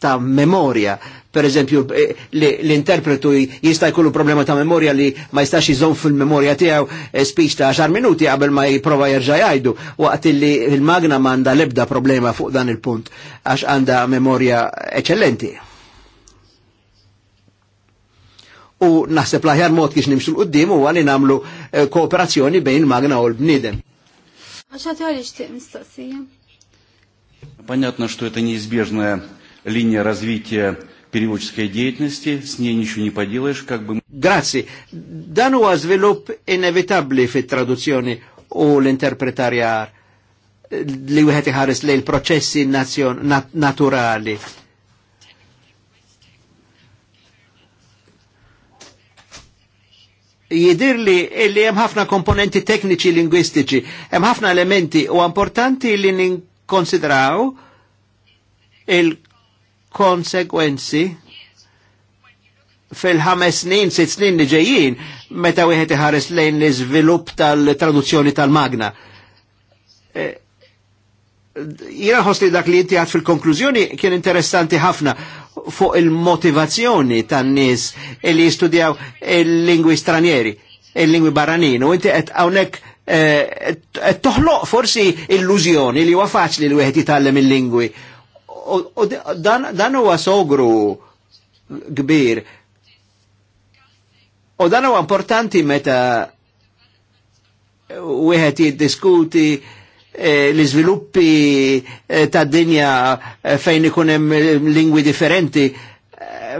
Speaker 1: ta' memoria. Per eżempju, eh, l-interpretu jista' jkollu problema ta' memoria li ma jistax iżon fil-memoria tiegħu eh, speech ta' 10 minuti qabel ma jipprova jerġa' jgħidu waqt li il magna m'għandha l-ebda problema fuq dan il-punt għax għandha memoria eċellenti. u naħseb laħjar mod kiex nimxu l-qoddim u għalli namlu eh, kooperazzjoni bejn magna u l-bnidem.
Speaker 2: Għaxa tħalli xtiq mistaqsija?
Speaker 1: Понятно, что это неизбежная линия развития переводческой деятельности, с ней ничего не поделаешь, как бы... Grazie. Dan huwa żvilupp inevitabbli fit-traduzzjoni u l-interpretarjar li wieħed iħares lejn processi naturali jidir li illi hemm ħafna komponenti tekniċi lingwistiċi, hemm ħafna elementi u importanti li ninkonsidraw il-konsekwenzi fil-ħames snin, sitt snin li ġejjin meta wieħed iħares lejn l-iżvilupp tal-traduzzjoni tal-magna. E, jina ħosti dak li inti għad fil-konklużjoni kien interessanti ħafna fuq il-motivazzjoni tan-nies li jistudjaw il-lingwi stranieri, il-lingwi barranin, u inti qed hawnhekk eh, qed toħloq forsi illużjoni li huwa li l wieħed jitgħallem il-lingwi. U dan huwa sogru kbir. U dan huwa importanti meta wieħed jiddiskuti Eh, li sviluppi eh, ta' dinja eh, fejn ikun hemm lingwi differenti.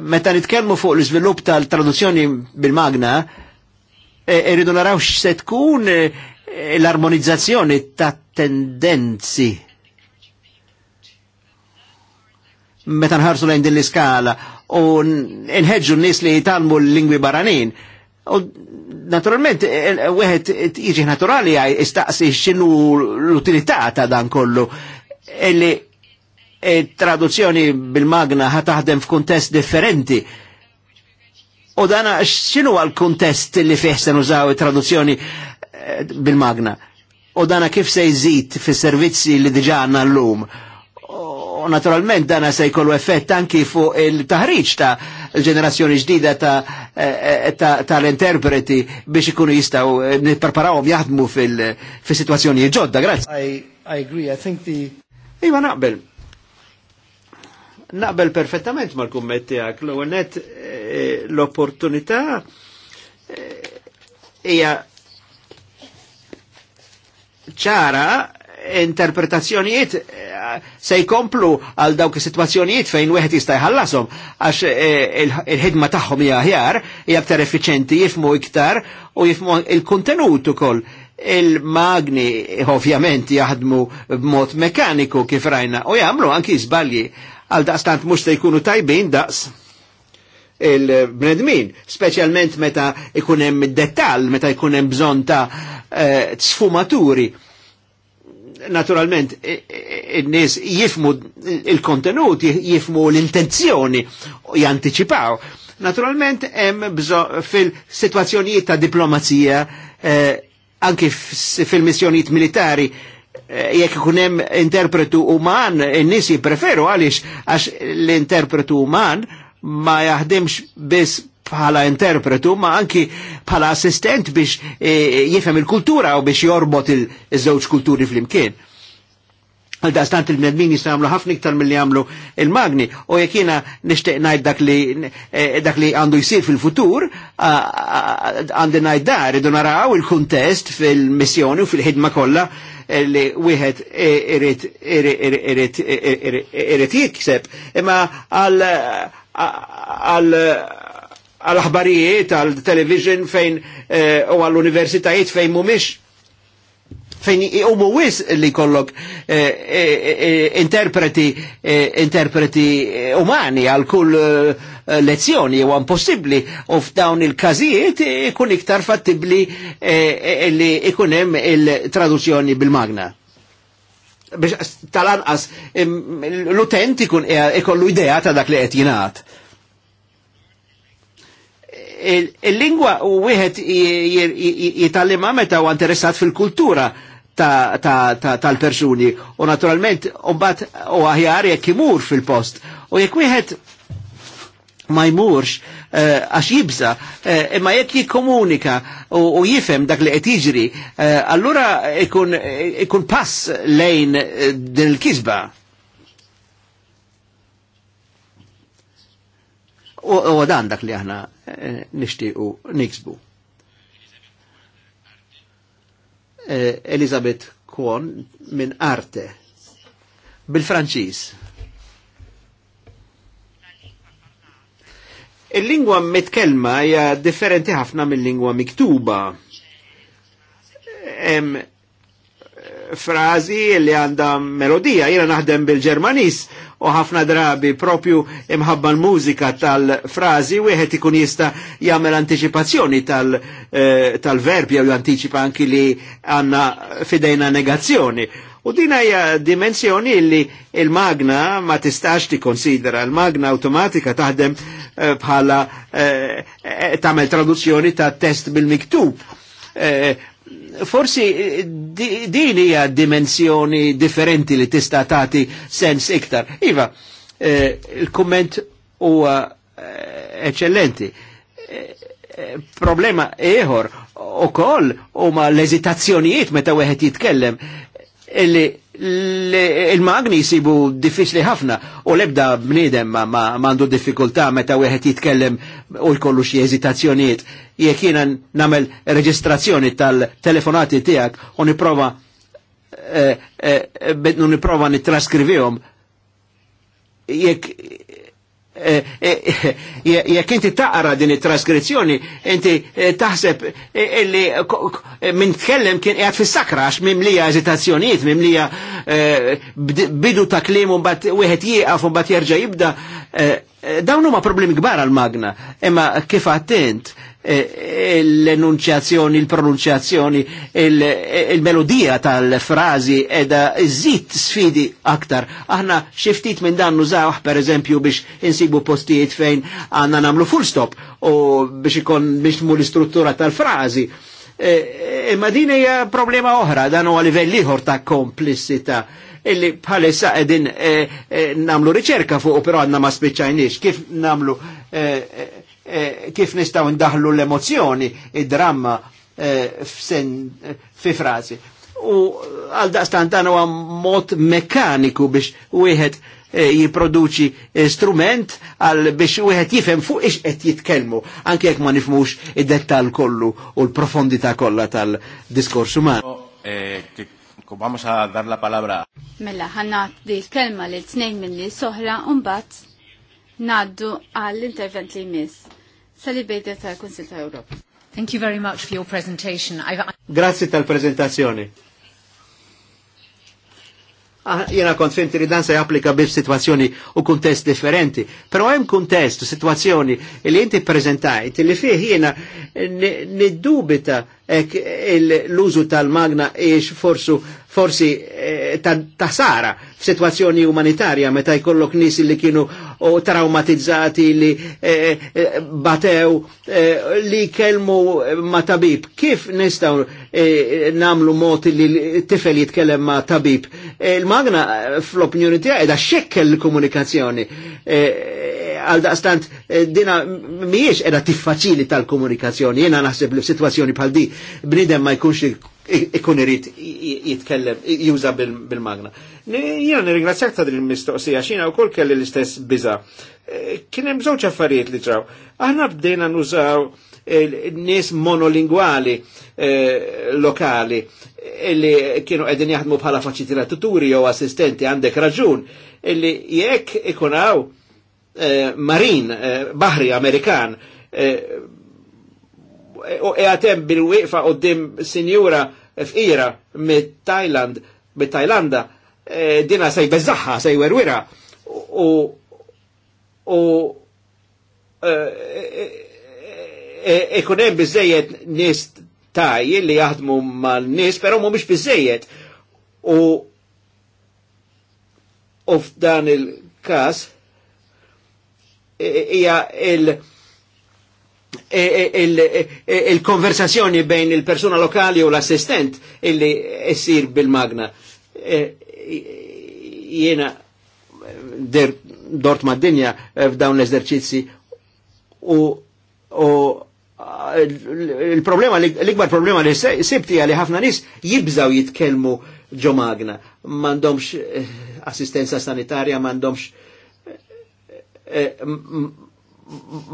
Speaker 1: Meta nitkellmu fuq l-iżvilupp tal-traduzzjoni bil-magna, irridu naraw x'se tkun l-armonizzazzjoni ta' tendenzi. Meta nħarsu lejn din l-iskala u nħedġu n nis li jitalmu l-lingwi baranin, Naturalment, eh, eh, wieħed iġi naturali għaj istaqsi xinu l-utilità ta' dan kollu. Illi eh, traduzzjoni bil-magna taħdem f'kuntest differenti. U dana xinu għal-kuntest li fieħsen użaw traduzzjoni bil-magna? U dana kif se jżid fis servizzi li diġa għanna l-lum? naturalment dana se jkollu effett anki fuq il-taħriġ ta' l ġenerazzjoni ġdida ta', eh, eh, l interpreti biex ikunu jistaw eh, nipparparawhom jaħdmu fil-situazzjoni ġodda. Grazzi. I agree, I think the... Iva naqbel. Naqbel perfettament mal-kummet tiegħek l net l-opportunità hija ċara interpretazzjonijiet se jkomplu għal dawk is-sitwazzjonijiet fejn wieħed jista' jħallasom għax eh, il-ħidma tagħhom hija aħjar, hija aktar effiċenti, jifmu iktar u jifmu il-kontenut ukoll il-magni ovvjament jaħdmu b'mod mekaniku kif rajna u jagħmlu anki żbalji għal daqstant mhux se jkunu tajbin daqs il-bnedmin, speċjalment meta ikun hemm dettal, meta ikunem hemm bżonn ta' eh, sfumaturi naturalment in-nies jifmu il-kontenut, jifmu l-intenzjoni u janticipaw. Naturalment hemm fil-sitwazzjonijiet ta' diplomazija eh, anki fil-missjonijiet militari eh, jekk ikun hemm interpretu uman, in-nies jipreferu għaliex għax l-interpretu uman ma jaħdimx biss bħala interpretu, ma anki bħala assistent biex eh, jifhem il-kultura u biex jorbot il-żewġ kulturi fl-imkien. Għalda stant il-bnedmin jistamlu ħafna iktar mill-li għamlu il-magni, u jek jena nishtiq najd eh, dak li għandu jisir fil-futur, għandi najd dar, id naraw il-kontest fil-missjoni u fil-ħidma kollha eh, li wieħed irrit jikseb. Imma għal għal-aħbarijiet, għal-television fejn eh, u għall-universitajiet fejn mumiex fejn u wis li kollok eh, eh, interpreti interpreti umani għal kull lezzjoni u impossibbli u f'dawn il kazijiet ikun iktar fattibli li ikun hemm il-traduzzjoni bil-magna biex tal-anqas l-utent ikun ikollu idea ta' dak li qed jingħad. Il-lingwa u wieħed jitallima meta u interessat fil-kultura tal-persuni u naturalment bat u aħjar jek imur fil-post u jekk wieħed ma jmurx eh, għax uh, jibza, uh, imma jekk jikomunika u, u jifem dak li qed jiġri, uh, allura ikun pass lejn din il-kisba. U dan dak li aħna eh, nixtiequ niksbu. Eh, Elizabeth Kwon minn Arte bil-Franċiż. Il-lingwa mitkelma hija differenti ħafna mill-lingwa miktuba frażi li għanda melodija, jiena naħdem bil-Ġermanis u ħafna drabi propju imħabba l-mużika tal-frażi wieħed ikun jista jagħmel anticipazzjoni eh, tal-verb jew jgħanticipa anki li għandna fidejna negazzjoni. U din hija dimensjoni li il-magna ma tistax konsidera il-magna automatika taħdem eh, bħala eh, tagħmel traduzzjoni ta' test bil-miktub forsi eh, din hija dimensjoni differenti li tista' tagħti sens iktar. Iva, eh, il-kumment huwa eccellenti. Eh, problema ieħor ukoll huma l-eżitazzjonijiet meta wieħed jitkellem illi il-magni jisibu diffiċli ħafna u lebda bnidem ma mandu diffikultà meta wieħed jitkellem u jkollu xi eżitazzjonijiet. Jekk jiena nagħmel reġistrazzjoni tal-telefonati tiegħek u nipprova eh, eh, niprova nittraskrivihom jek jekk inti taqra din it-traskrizzjoni, inti eh, taħseb eh, illi eh, minn tkellem kien qiegħed fis-sakra għax mimlija eżitazzjonijiet, mimlija bidu ta' kliem mbagħad wieħed jieqaf u mbagħad jerġa' jibda. Dawn huma problemi kbar għal-magna, imma kif attent Eh, l-enunċjazzjoni, il-pronunċjazzjoni, il-melodija tal-frazi edha iżid sfidi aktar. Aħna xiftit minn dan nużawh per eżempju biex insibu postijiet fejn għanna namlu full stop u biex ikon biex tmur l-istruttura tal-frazi. Eh, imma din hija problema oħra, dan huwa livell ieħor ta' komplissità illi bħalissa qegħdin eh, namlu riċerka fuq, però għandna ma spiċċajniex kif namlu eh, Eh, kif nistaw ndaħlu l-emozjoni, id-dramma eh, eh, fi frazi. U għal daqstan dan huwa mod mekkaniku biex wieħed jiproduċi strument għal biex wieħed jifhem fuq ix qed jitkellmu, anke jekk ma nifmux id dettall kollu u l-profondità kollha tal-diskors uman. Oh, vamos a dar la palabra.
Speaker 2: Mela, ħanna di l-kelma t tnejn minn li soħra un bat naddu għall-intervent li jmiss. Sali bejda ta' Kunsil ta' Europa. Thank you very much for your presentation. I've...
Speaker 1: Grazie tal-prezentazzjoni. Ah, jena kont finti li dan se japplika biex situazzjoni u kuntest differenti, pero hemm kuntest u situazzjoni li inti prezentajt li fih jena niddubita l-użu tal-magna iex forsu forsi eh, ta', ta sara f'sitwazzjoni umanitarja meta jkollok nies li kienu u traumatizzati li eh, eh, batew eh, li kelmu ma tabib. Kif nistaw E, namlu mot li tifel jitkellem ma' tabib. E, il-magna fl-opinjoni tija edha xekkel l-komunikazzjoni. E, għal daqstant dina miex edha tiffaċili tal-komunikazzjoni. Jena naħseb li f'sitwazzjoni pal di bnidem ma jkunx ikun irrit jitkellem, juża bil-magna. Jena nirringrazzjak ta' din mistoqsija xina u kol kelli l-istess biza. Kien hemm żewġ affarijiet li ġraw. Aħna bdejna nużaw nies monolingwali eh, lokali illi kienu għedin jaħdmu bħala faċilitaturi jew assistenti għandek raġun illi jekk ikunaw eh, marin eh, bahri Amerikan u għatem bil-wiqfa u dim sinjura f'ira mit-Tajland, mit-Tajlanda, dina sej bezzaħħa, sej werwira. u ikunem e, e hemm nis taj tajji li jaħdmu mal pero mu mhumiex biżejjed. U uf dan e, il kas ija il- il-konversazzjoni bejn il persona lokali u l-assistent illi essir bil-magna. E, Jiena dort ma' dinja f'dawn l-eżerċizzi u il-problema, l-ikbar problema li sibti għalli ħafna nis jibżaw jitkelmu ġo magna, mandomx eh, assistenza sanitarja, mandomx eh, eh,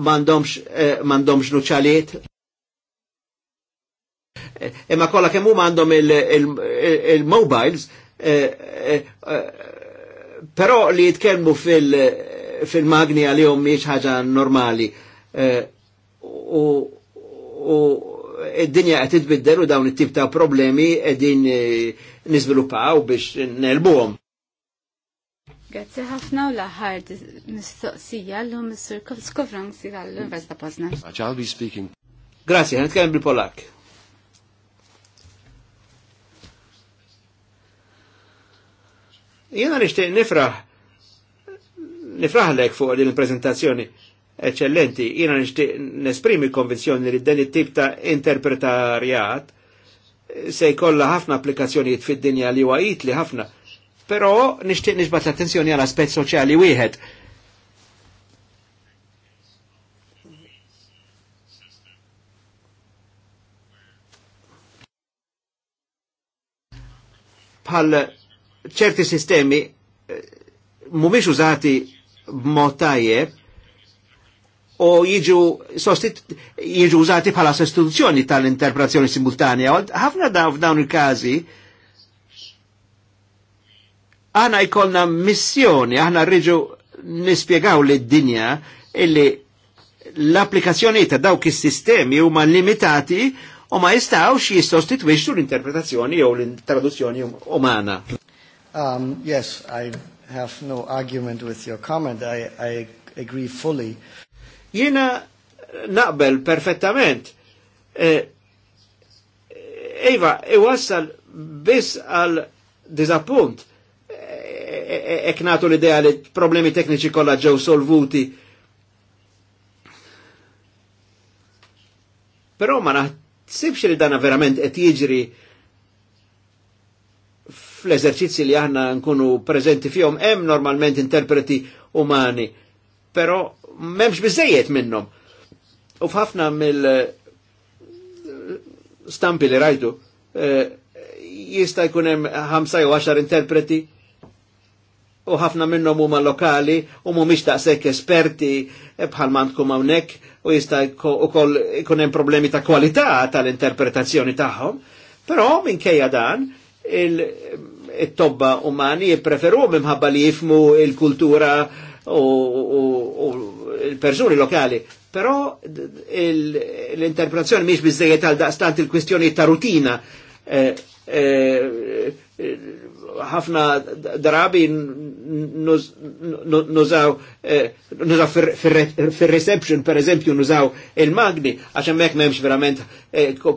Speaker 1: mandomx mandomx nuċaliet. Imma kolla kemmu mandom il-mobiles, però li jitkelmu fil-magni għal-jom ħaġa normali u id-dinja qed titbiddel u dawn it-tip ta' problemi qegħdin eh, niżviluppaw biex nelbuhom.
Speaker 2: Grazzi ħafna u l-aħħar mistoqsija l-lum Mr. Skovran si għall-Università Pozna. Grazzi,
Speaker 1: uh, be speaking. bil-Polak. Jena nishtiq nifraħ nifraħlek fuq din il-prezentazzjoni eccellenti. Jina nesprimi l-konvinzjoni li din it-tip ta' interpretarjat eh, se jkollha ħafna applikazzjonijiet fid-dinja li huwa li ħafna. Però nixtieq nixbad l-attenzjoni għal aspett soċjali wieħed. bħal ċerti sistemi eh, mhumiex użati b'mod tajjeb u jiġu sostit jiġu użati bħala sostituzzjoni tal-interpretazzjoni simultanea. Ħafna dawn f'dawn il-każi aħna jkollna missjoni, aħna rriġu nispjegaw d dinja illi l-applikazzjoni ta' dawk is-sistemi huma limitati u ma jistawx jistostitwixxu l-interpretazzjoni jew l-traduzzjoni umana. Um, yes, I have no argument with your comment. I, I agree fully. Jiena naqbel perfettament. e, iva, iwassal biss għal dizappunt eknatu e, l-idea li problemi tekniċi kollha ġew solvuti. Però ma naħsibx li dana verament qed jiġri fl-eżerċizzi li aħna nkunu preżenti fihom hemm normalment interpreti umani pero memx bizzejiet minnom. U f'ħafna mill-stampi eh, li rajtu, eh, jista jkun hemm 5 jew 10 interpreti u ħafna minnhom huma lokali u miex taqsek esperti eh, bħal mandkum hawnhekk u jista' ukoll problemi ta' kwalità tal-interpretazzjoni tagħhom. Però minkejja dan il-tobba umani jippreferu minħabba li jifmu il-kultura u u, u l-persuni lokali. Però l-interpretazzjoni miex bizzejiet għal daqstant il-kwestjoni ta' rutina ħafna drabi nużaw nużaw fil-reception per eżempju nużaw il-magni għax hemmhekk m'hemmx verament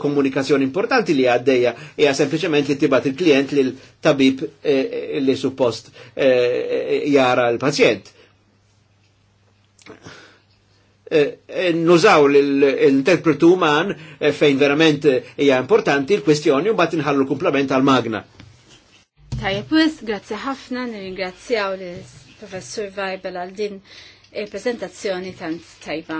Speaker 1: komunikazzjoni importanti li għaddejja hija sempliċement li tibat il-klient lil tabib li suppost jara l-pazjent. Eh, eh, nużaw l-interpretu uman eh, fejn verament hija importanti l-kwestjoni u bat nħallu kumplament
Speaker 2: għal-magna. Tajjeb, grazzi ħafna, nirringrazzjaw l-professur Vajbel għal din il-prezentazzjoni tant tajba.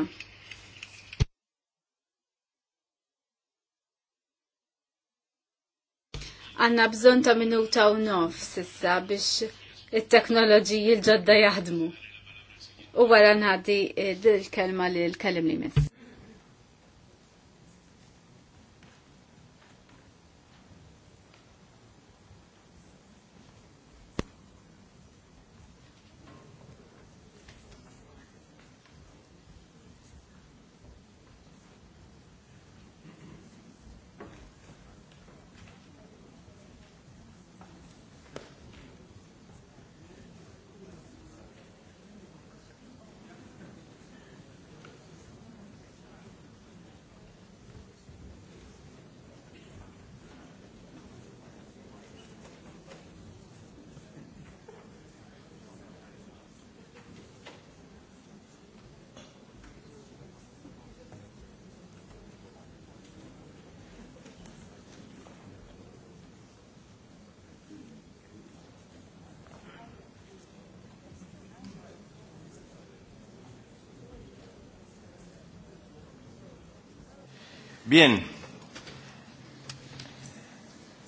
Speaker 2: Għanna bżon ta' minuta u nof sissa biex il teknoloġiji l-ġodda jaħdmu u wara ngħaddi dil eh, kelma lil kellim li miss. Bien,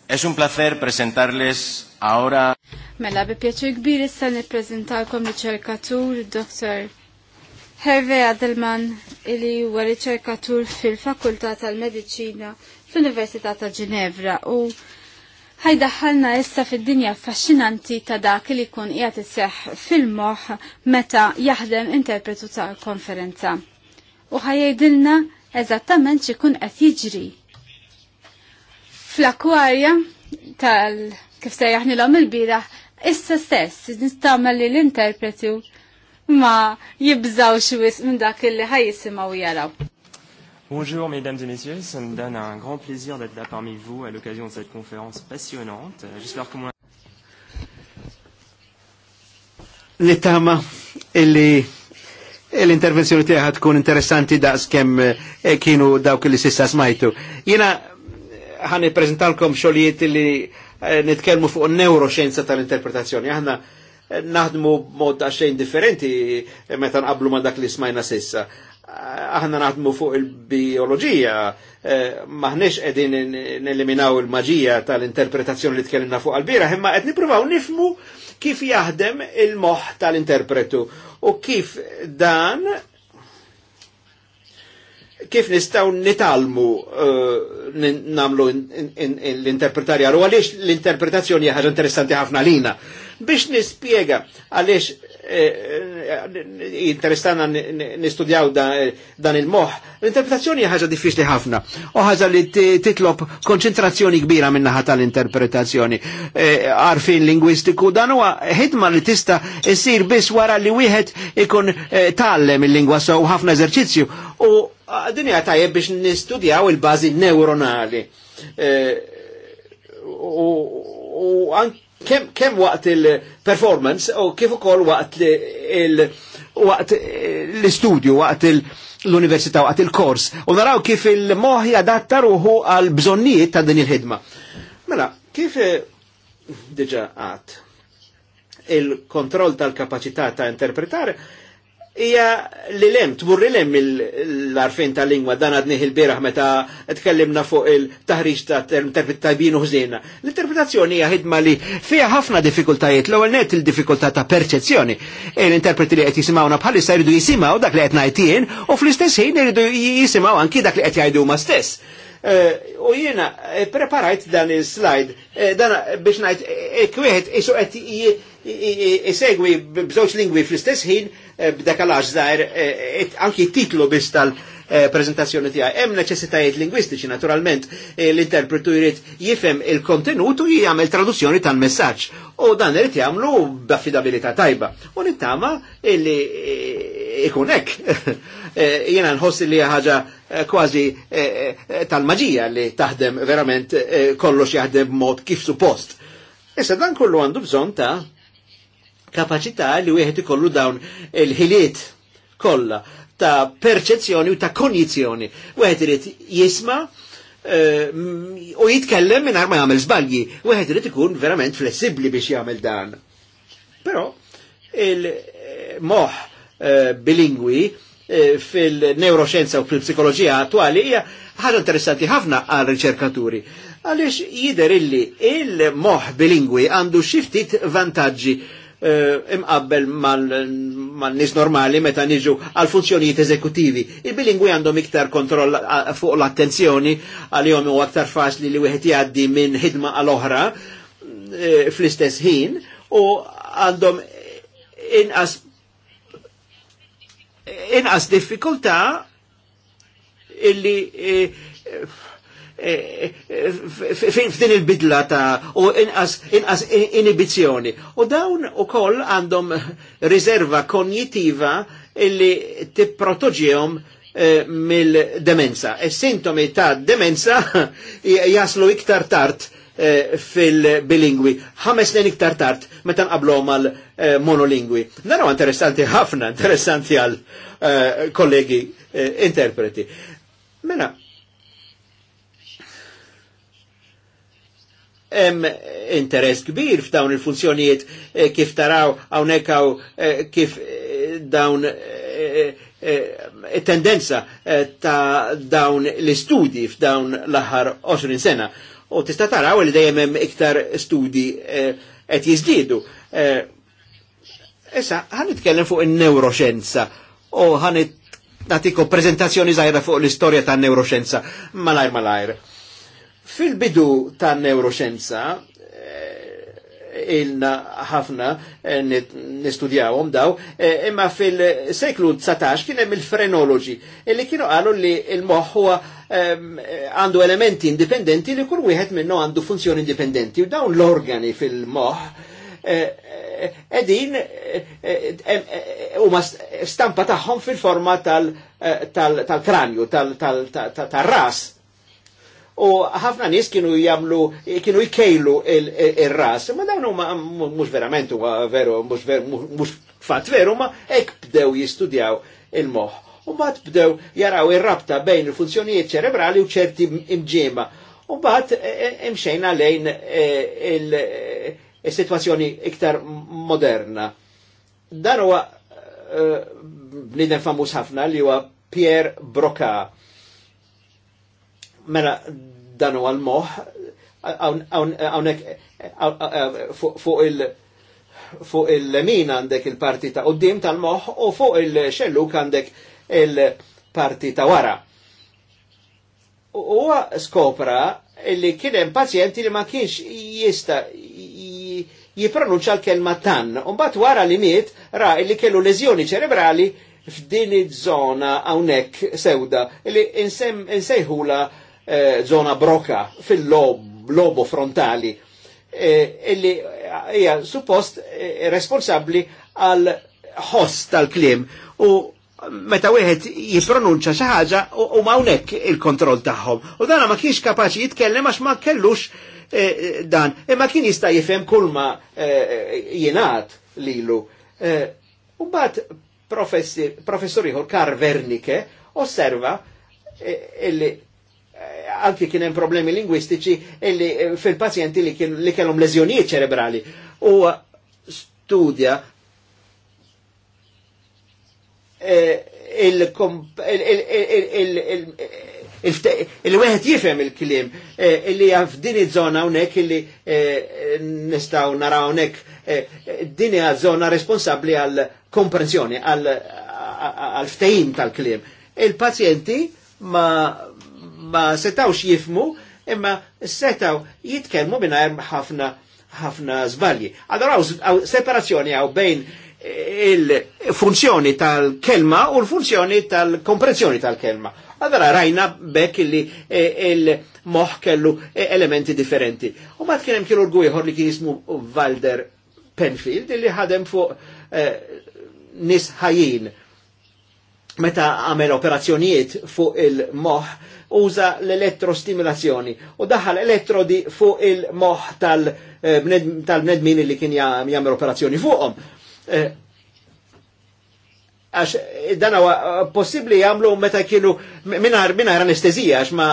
Speaker 2: es un placer
Speaker 1: presentarles ahora.
Speaker 2: Mela bi pjaċir kbir issa nippreżentalkom riċerkatur Dr. Herve Adelman illi huwa riċerkatur fil-Fakultà tal-Mediċina fl-Università ta' Ginevra u ħajdaħħalna issa fid-dinja affaxxinanti ta' dak li jkun qiegħed iseħħ fil-moħħ meta jaħdem interpretu ta' konferenza. U ħajjgħidilna eżattament xi x'ikun qed jiġri. Fl-akwarja tal kif se jaħnilhom il-bieraħ issa stess nistamel li l-interpreti ma jibżawx wis minn dak li ħajjisimgħu jaraw.
Speaker 1: Bonjour mesdames et messieurs, ça me donne un grand plaisir d'être là parmi vous à l'occasion de cette conférence passionnante. J'espère que mon... Li tama illi l-intervenzjoni tiegħek tkun interessanti daqs kemm kienu dawk li sissa smajtu. Jiena ħani ippreżentalkom xogħlijiet li nitkellmu fuq neuroxjenza tal-interpretazzjoni. Aħna naħdmu mod għaxejn differenti meta nqablu ma' dak li smajna sissa. Aħna naħdmu fuq il-bioloġija, maħnex qegħdin neliminaw il-maġija tal-interpretazzjoni li tkellimna fuq għal-bira, imma qed nippruvaw nifmu kif jaħdem il-moħ tal-interpretu u kif dan kif nistaw nitalmu uh, namlu l-interpretarja, u għaliex l-interpretazzjoni ħaġa interessanti ħafna lina. Biex nispiega għaliex Eh, eh, eh, interessana nistudjaw dan il-moħ. L-interpretazzjoni ħaġa diffiċli ħafna u ħaġa li titlob konċentrazzjoni kbira minnaħa tal-interpretazzjoni. Arfin lingwistiku dan huwa ħidma li tista' issir biss wara li wieħed ikun tallem il-lingwa u ħafna eżerċizzju u ah, dinja tajjeb biex nistudjaw il-bażi neuronali. U anke Kem, kem waqt il-performance u kif ukoll waqt l studio waqt l-università, waqt il-kors. U naraw kif il-moħi adatta ruħu għal bżonnijiet ta' din il-ħidma. Mela, kif eh, diġa għat il-kontroll tal-kapacità ta' interpretare hija li lem, tmurri lem l-arfin ta' lingwa dan għadni il-biraħ meta tkellimna fuq il-taħriġ ta' term tajbin L-interpretazzjoni hija ħidma li fija ħafna diffikultajiet, l-ewwel net il-diffikultà ta' perċezzjoni. E l-interpreti li qed jisimgħuna bħalissa jridu jisimgħu dak li qed ngħid u fl-istess ħin jridu jisimgħu anki dak li qed jgħidu ma stess. E, u jiena e, preparajt dan il-slide, dan biex ngħid kieħed isu qed isegwi bżewġ lingwi fl-istess ħin eh, b'dakalax zaħir eh, eh, anki titlu biss tal- prezentazzjoni tiegħi. Hemm neċessitajiet lingwistiċi naturalment l-interpretu jrid jifhem il-kontenut u il traduzzjoni tal-messaġġ. U dan irid jagħmlu b'affidabilità tajba. U nittama illi ikun hekk. Jiena nħoss li ħaġa kważi tal-maġija li taħdem verament kollox jaħdem mod kif suppost. Issa dan kollu għandu bżonn ta' kapaċità li wieħed ikollu dawn il-ħiliet kollha ta' perċezzjoni u ta' konjizzjoni. Wieħed irid jisma' eh, u jitkellem minn ma jagħmel żbalji. Wieħed irid ikun verament flessibbli biex jagħmel dan. Però il-moħ eh, eh, bilingwi fil neuroscienza u fil-psikoloġija attuali hija ħaġa interessanti ħafna għal riċerkaturi. Għaliex jider illi il-moħ bilingwi għandu xiftit vantaġġi Eh, imqabbel mal-nis normali meta niġu għal funzjonijiet eżekutivi. Il-bilingwi għandhom iktar kontroll fuq l-attenzjoni għal-jom u aktar faċli li wieħed jgħaddi minn ħidma għal-oħra eh, fl-istess ħin u għandhom inqas inqas diffikultà illi eh, f'din il-bidla ta' u inqas inibizjoni. U dawn u koll għandhom riserva kognitiva illi tipprotoġihom eh, mill-demenza. Is-sintomi e ta' demenza jaslu iktar tard eh, fil-bilingwi, ħames snin iktar tard, meta nqablu mal eh, monolingwi. Dan huwa interessanti ħafna, interessanti għal kollegi interpreti. Mela, hemm interess kbir f'dawn il-funzjonijiet eh, kif taraw hawnhekk hawn eh, kif eh, dawn tendenza ta' dawn l-istudji f'dawn l-aħħar 20 sena. U tista' taraw li dejjem hemm iktar studji qed jiżdiedu. Issa, ħan nitkellem fuq in newroxenza u ħan natikom prezentazzjoni zaħira fuq l-istoria ta' neuroscienza malajr malajr. Fil-bidu tan neuroxenza eh, ilna ħafna eh, nistudjawhom daw, eh, imma fil-seklu 19 kien hemm il-frenologi illi kienu qalu li l-moħħ huwa ehm, għandu elementi indipendenti li kull wieħed minnu għandu funzjoni indipendenti u dawn l-organi fil-moħħ edin u ma stampa tagħhom fil-forma tal-kranju, tal-ras u ħafna nies kienu jagħmlu kienu jkejlu il ras ma dawn huma mhux verament u veru, mux fat veru, ma ek bdew jistudjaw il-moħħ. U bat bdew jaraw il rabta bejn il-funzjonijiet ċerebrali u ċerti imġema. U bat e, e, imxejna lejn e, il situazzjoni iktar moderna. Dan huwa bniedem famuż ħafna li huwa Pierre Broca Mela dan huwa l moħ hawnhekk fuq il- fuq il-lemin għandek il-parti ta' qoddim tal-moħ u fuq il-xelluk għandek il-parti ta' wara. U skopra li kienem pazjenti li ma kienx jista jipronunċa l-kelma tan. Umbat wara li miet ra li kellu leżjoni ċerebrali f'din iż-żona hawnhekk sewda li insejħula Eh, zona broka fil-lobo frontali eh, illi hija suppost eh, responsabli għal ħost tal-klim u meta wieħed jippronunċa xi ħaġa u hawnhekk il-kontroll tagħhom. U dana ma kienx kapaċi jitkellem għax ma kellux dan, imma kien jista' jifhem kull ma jingħad lilu. u mbagħad professor ieħor Karl Vernike osserva illi Eh, anki kien hemm problemi lingwistiċi illi eh, fil-pazjenti li, li kellhom leżjonijiet ċerebrali. U studja il-weħet jifem il-klim illi f'din iż-żona hawnhekk illi eh, nistaw nara unek din hija żona responsabli għal komprensjoni għal ftejim tal-klim. Il-pazjenti ma ma setawx jifmu, imma setaw jitkelmu minna ħafna ħafna zbalji. Allora għaw separazzjoni għaw bejn eh, il-funzjoni tal-kelma u l-funzjoni tal komprezzjoni tal-kelma. Allora rajna bekk li eh, il-moħ kellu eh, elementi differenti. U ma kienem kienu l-gujħor li kien jismu Valder Penfield li ħadem fuq nis ħajin meta għamel operazzjonijiet fuq il-moħ uża l-elettrostimulazzjoni u daħal elettrodi fuq il-moħ eh, tal-bnedmin li kien jagħmel operazzjoni fuqhom. Eh, għax dan huwa possibbli jagħmlu meta kienu minar minar anestezija għax ma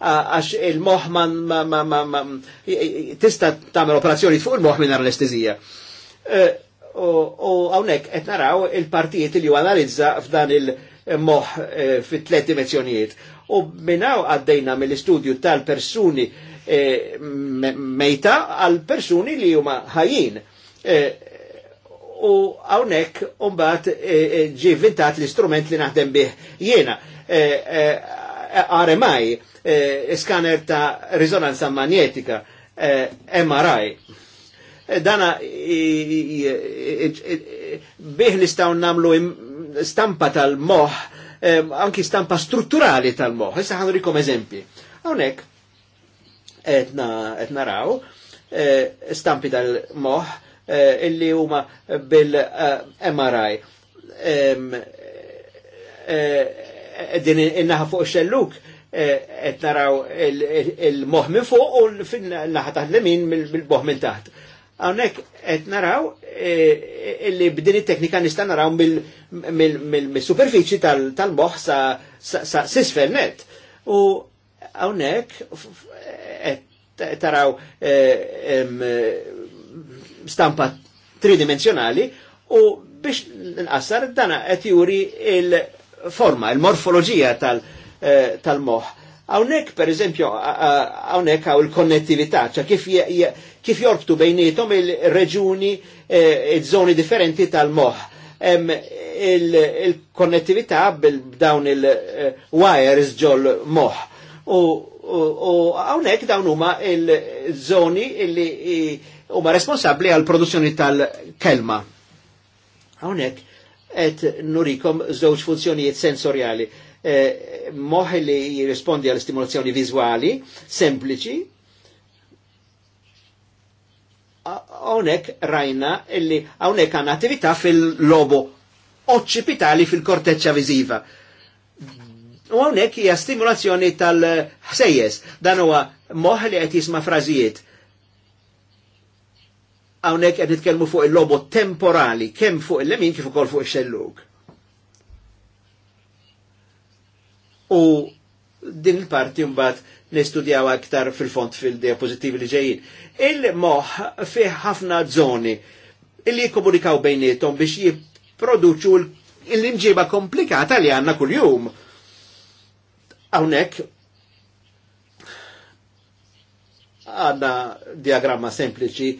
Speaker 1: għax il-moħ ma tista' tagħmel operazzjoni fuq il-moħ minar anestezija eh, u għawnek qed naraw il-partijiet li ju analizza f'dan il-moħ fit tlet dimensjonijiet u minnaw għaddejna mill-istudju tal-persuni eh, mejta għal persuni li huma ħajin. Eh, u għawnek umbat ġi vintat l-istrument li naħdem bih jena. Eh, RMI, skaner ta' rizonanza magnetika, MRI. Dana bih nistaw namlu stampa tal-moħ Ehm, anki stampa strutturali tal-moħ. Issa ħanrikom eżempi. Hawnhekk qed naraw eh, stampi tal-moħ eh, illi huma bil-MRI. Eh, ehm, din innaħa fuq xelluk qed naraw il-moħ minn fuq u l naħa taħt l-min mill-moħ minn taħt Għonek, et naraw, illi e, e, b'din it-teknika nista' naraw mill-superfiċi tal-moħ sa' sisfel net. U għonek, et taraw e, stampa tridimensjonali u biex nqassar dana qed juri il-forma, il-morfoloġija tal-moħ. Hawnhekk eżempju, għawnek għaw il-konnettività, ċa kif kif jorbtu bejnietom il-reġuni eh, il żoni differenti tal-moħħ. Il-konnettività b'dawn il-wires eh, ġol moħ. U hawnhekk dawn huma il-żoni illi huma responsabli għal produzzjoni tal-kelma. Għawnek, et nurikom żewġ funzjonijiet sensorjali Eh, moħi li jirrispondi għal stimolazzjoni vizuali, sempliċi, għonek rajna illi għonek għan attività fil-lobo occipitali fil korteċċa viziva. U għonek hija stimolazzjoni tal-ħsejjes, dan huwa moħ li qed jisma' frażijiet għawnek għed nitkelmu fuq il-lobo temporali, kem fuq il-lemin kif ukoll fuq il-xelluk. u din il-parti mbagħad nistudjaw aktar fil-font fil-diapozitivi li ġejjin. Il-moħ fi ħafna zoni li jikkomunikaw bejnietom biex jipproduċu l-imġiba komplikata li għanna kull-jum. Hawnhekk għanna diagramma sempliċi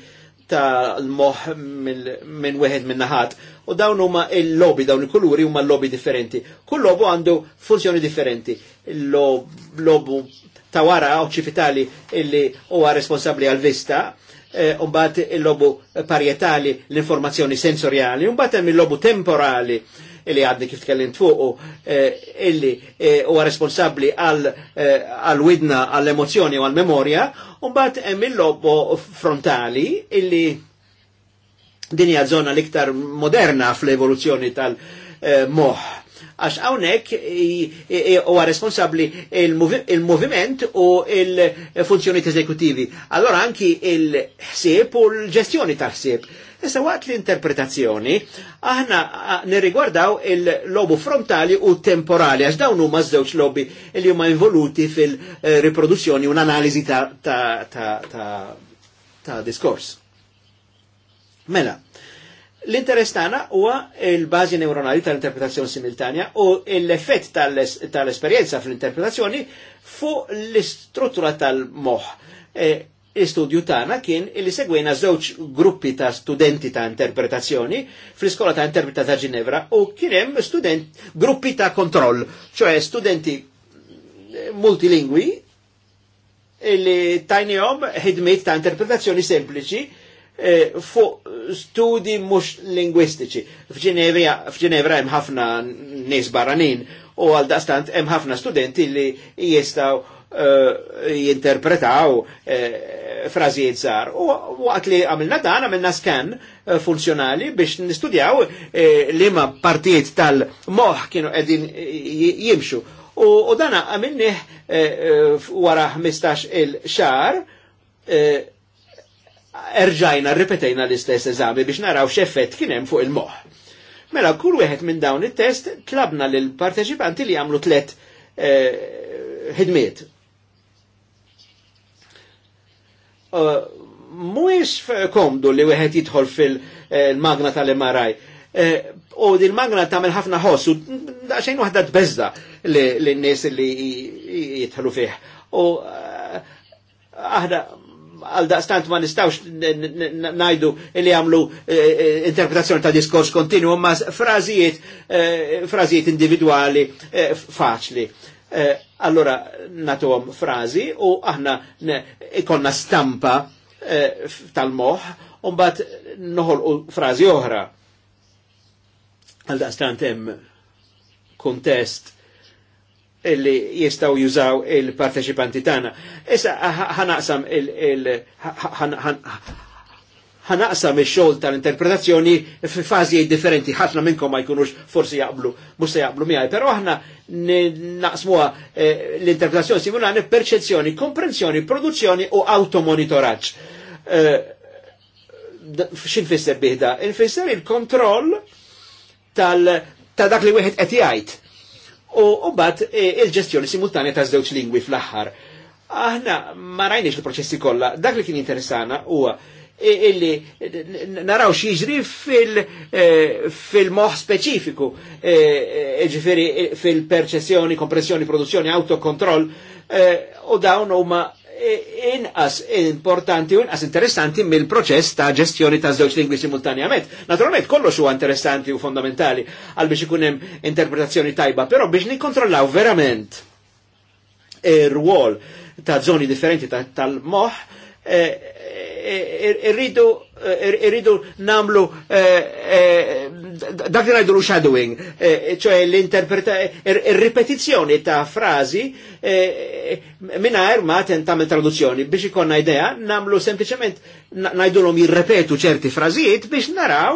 Speaker 1: ta' l-moħ minn weħed minn naħat. U dawn huma il lobi dawn il-kuluri huma lobi differenti. Kull lobu għandu funzjoni differenti. Il-lobu ta' wara oċċifitali illi huwa responsabli għal-vista, eh, umbat il-lobu parietali l-informazzjoni sensoriali, umbat hemm il-lobu temporali illi għadni kif tkellimt fuqu eh, illi eh, huwa responsabbli eh, għal widna għall emozjoni u għall memorja u bat hemm il lobbo frontali illi din hija żona l-iktar moderna fl-evoluzzjoni tal-moħħ għax hawnhekk huwa responsabli il-moviment u il-funzjonijiet eżekutivi. Allora anki il-ħsieb u l-ġestjoni tal-ħsieb. Issa waqt l-interpretazzjoni, aħna nirrigwardaw il-lobu frontali u temporali, għax dawn huma żewġ lobi li huma involuti fil-riproduzzjoni eh, u l-analiżi ta diskors. Mela, L-interess tagħna huwa il bażi neuronali tal-interpretazzjoni similtanja u l-effett tal-esperjenza tal fl-interpretazzjoni fuq l-istruttura tal moħ E, L-istudju tagħna kien li segwejna żewġ gruppi ta' studenti ta' interpretazzjoni fl-Iskola ta' Interpreta ta' Ginevra u kien hemm student gruppi ta' kontroll, ċoe studenti eh, multilingwi li tajnihom ħidmit ta' interpretazzjoni sempliċi E, fuq studi mhux lingwistiċi. F'Ġenevra hemm ħafna nies barranin u għal daqstant hemm ħafna studenti li jistgħu e, jinterpretaw e, frażijiet żgħar. U waqt li għamilna dan għamilna skan funzjonali biex nistudjaw li ma partijiet tal-moħ kienu qegħdin jimxu. U, dan dana għamilni wara 15 il-xar, erġajna ripetejna l-istess eżami biex naraw x'effett kien hemm fuq il-moħħ. Mela kull wieħed minn dawn it-test tlabna lil parteċipanti li għamlu tliet eh, ħidmiet. Eh, Mhuwiex komdu li wieħed jidħol fil-magna eh, tal-MRI. U din magna tagħmel ħafna ħoss u daqsxejn waħda tbeżda lin-nies li jitħlu fih. U aħna għal daqstant ma nistawx najdu li għamlu eh, eh, interpretazzjoni ta' diskors kontinu, ma frażijiet, eh, frażijiet individuali faċli. Allora natuhom frażi u aħna ikonna stampa tal-moħ, un bat noħolqu frażi oħra. Għal daqstant hemm kontest illi jistaw jużaw il-parteċipanti tagħna. Issa ħanaqsam il- ħanaqsam il-xogħol tal-interpretazzjoni fi fażi differenti. Ħafna minnkom ma jkunux forsi jaqblu, mhux jaqblu miegħi, però aħna naqsmuha eh, l-interpretazzjoni simulani perċezzjoni, komprensjoni, produzzjoni u automonitoraġġ. Eh, x'in fisser biħda? Infisser il-kontroll tal ta' dak li wieħed qed jgħid u mbagħad e, il-ġestjoni simultanja ta' żewġ lingwi fl-aħħar. Aħna ma rajniex il-proċessi kollha, dak li kien interessana huwa e, illi naraw xieġri fil-moħ e, speċifiku, ġifiri fil-perċessjoni, kompressjoni, produzzjoni, autokontroll, u dawn huma inqas importanti u inqas interessanti mill-proċess ta' ġestjoni ta' żewġ lingwi simultanjament. Naturalment kollox huwa interessanti u fondamentali għal biex ikun hemm interpretazzjoni tajba, però biex nikkontrollaw verament ir-rwol ta' zoni differenti tal-moħħ eh, eh, eh, irridu Eh, irridu namlu eh, eh, dak li ngħidu shadowing, ċoe l-ripetizzjoni ta' frażi mingħajr ma tagħmel traduzzjoni biex ikonna idea namlu sempliċement ngħidulhom jirrepetu ċerti frażijiet biex naraw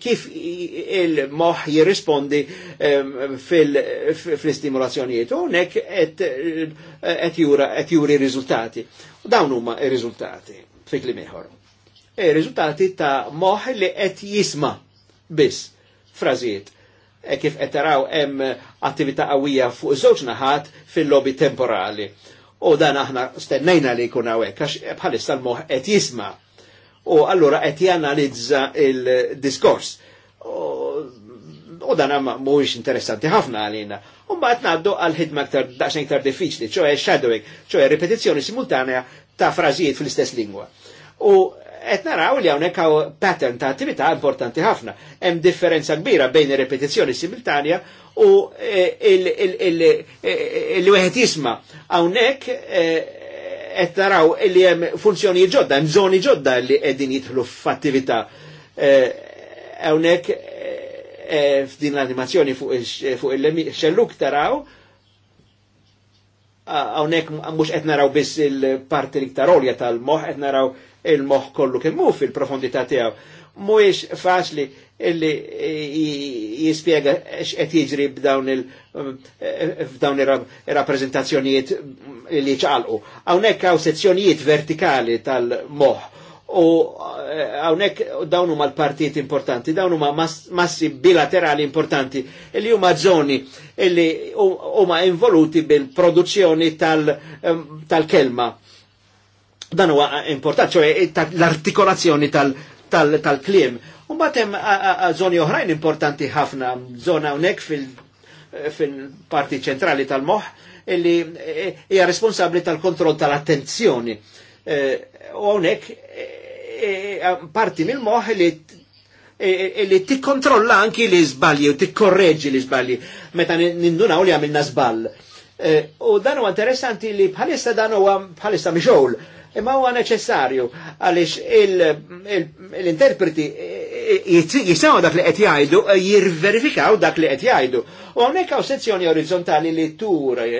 Speaker 1: kif il-moħ jirrispondi ehm, fil-stimulazzjonijiet u nek et juri rizultati. U dawn huma rizultati fikli meħor e riżultati ta' moħ li qed jisma biss frażijiet. E kif qed taraw hemm attività qawwija fuq żewġ naħat fil-lobby temporali. U dan aħna stennejna li jkun hawnhekk għax bħalissa l-moħ qed jisma' u allura qed janalizza il-diskors. U dan mhuwiex interessanti ħafna għalina. Umbagħad ngħaddu għall ħidma aktar daqsxejn iktar diffiċli, ċoe shadowing, ċoe ripetizzjoni simultanea ta' frażijiet fl-istess lingwa. U qed naraw li hawnhekk hawn pattern ta' attività importanti ħafna. Hemm differenza kbira bejn ir-repetizzjoni simultanja u eh, li eh, wieħed jisma' hawnhekk qed eh, naraw li hemm funzjoni ġodda, hemm żoni ġodda li qegħdin jidħlu f'attività hawnhekk f'din l-animazzjoni fuq il-xelluk taraw għawnek mux etnaraw biss il-parti liktar olja tal-moħ, etnaraw il-moħ kollu kemmu fil-profondità tiegħu. Mhuwiex faċli illi jispjega x'qed jiġri b'dawn il f'dawn ir-rappreżentazzjonijiet li ċalqu. Hawnhekk hawn sezzjonijiet vertikali tal-moħħ u għawnek eh, dawn huma l-partijiet importanti, dawn huma massi bilaterali importanti, li huma zoni li huma involuti bil-produzzjoni eh, tal-kelma. Tal dan huwa importanti, ċoħe eh, l-artikolazzjoni tal-klim. mbagħad hemm żoni oħrajn importanti ħafna, żona hawnhekk eh, fil-parti ċentrali tal-moħħ illi eh, hija responsabbli tal-kontroll tal-attenzjoni. U hawnhekk parti mill-moħħ li li tikkontrolla anki li żbalji u tikkorreġi li żbalji meta ninduna li għamilna żball. U dan huwa interessanti li bħalissa dan huwa bħalissa mixol imma huwa neċessarju għaliex l-interpreti jisaw dak li qed jgħidu eh, jirverifikaw dak li qed jgħidu. U hawnhekk hawn sezzjoni orizzontali li tur eh,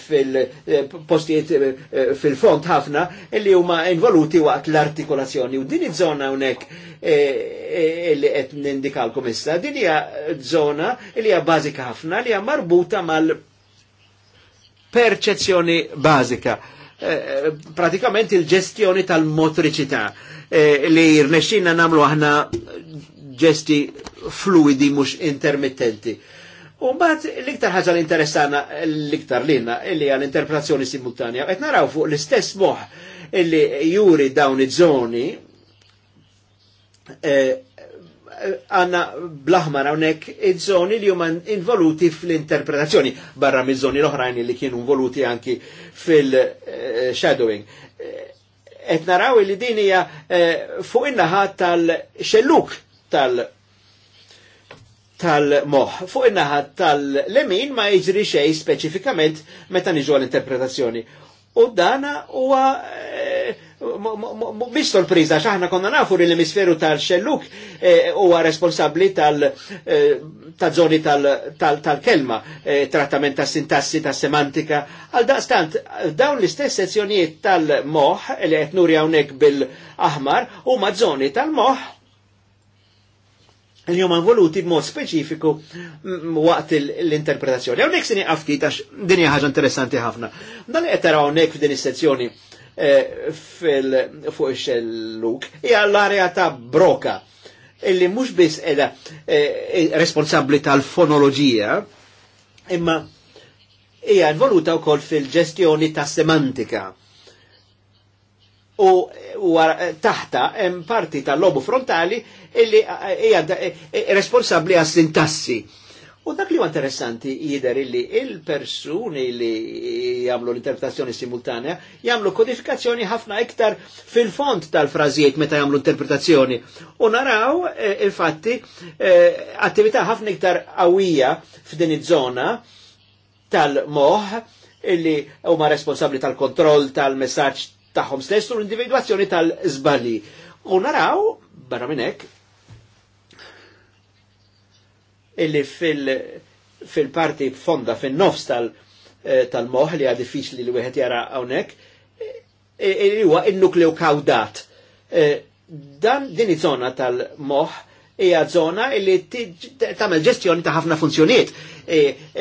Speaker 1: fil-postijiet eh, fil-font ħafna li huma involuti waqt l-artikolazzjoni u din iż-żona hawnhekk li qed nindikalkom issa, din hija żona li hija bażika ħafna li hija marbuta mal-perċezzjoni bażika Eh, pratikament il-ġestjoni tal-motriċità eh, li jirnexxina namlu aħna ġesti fluidi mhux intermittenti. U mbagħad l-iktar ħaġa li interessana l-iktar lilna li għal interpretazzjoni simultanja qed naraw fuq l-istess moħħ illi juri dawn iż-żoni eh, għanna blaħmar għonek id-żoni li huma involuti fl-interpretazzjoni barra miż-żoni l-oħrajn li kienu involuti anki fil-shadowing. Et naraw li din hija eh, fuq in-naħa tal-xelluk tal- tal-moħ. Fuq in-naħa tal-lemin ma jiġri xej speċifikament meta niġu għal interpretazzjoni U dana huwa eh, Mis sorpriża għax aħna konna nafu li l-emisferu tal-xelluk eh, huwa responsabbli tal-żoni eh, tal-kelma, eh, trattament ta' sintassi ta' semantika Għal stant, dawn l-istess sezzjonijiet tal-moħ li qed nuri hawnhekk bil-aħmar huma żoni tal-moħ li huma involuti b'mod speċifiku waqt l-interpretazzjoni. Hawnhekk se nieqaf ftit għax din hija ħaġa interessanti ħafna. Dan qed taraw hawnhekk f'din is-sezzjoni Eh, fuq ix-xelluk hija l-area ta' broka illi mhux biss qiegħda eh, responsabbli tal-fonoloġija imma hija involuta wkoll fil-ġestjoni ta' semantika. U eh, taħta hemm parti tal-lobu frontali illi hija responsabbli għas-sintassi U dak li huwa interessanti jider illi il-persuni li jagħmlu l-interpretazzjoni simultanea jagħmlu kodifikazzjoni ħafna iktar fil-font tal-frażijiet meta jagħmlu interpretazzjoni. U naraw eh, infatti eh, attività ħafna iktar qawwija f'din iż-żona tal-moħ illi huma responsabbli tal-kontroll tal-messaġġ tagħhom stess u l-individwazzjoni tal-żbalji. U naraw barra minn hekk illi fil-parti fil fonda, fil-nofs eh, tal-moħ li għad diffiċli li wieħed jara hawnhekk, eh, eh, huwa il nukleu kawdat. Dan din zona żona tal-moħ hija żona li tagħmel ġestjoni ta' ħafna funzjonijiet,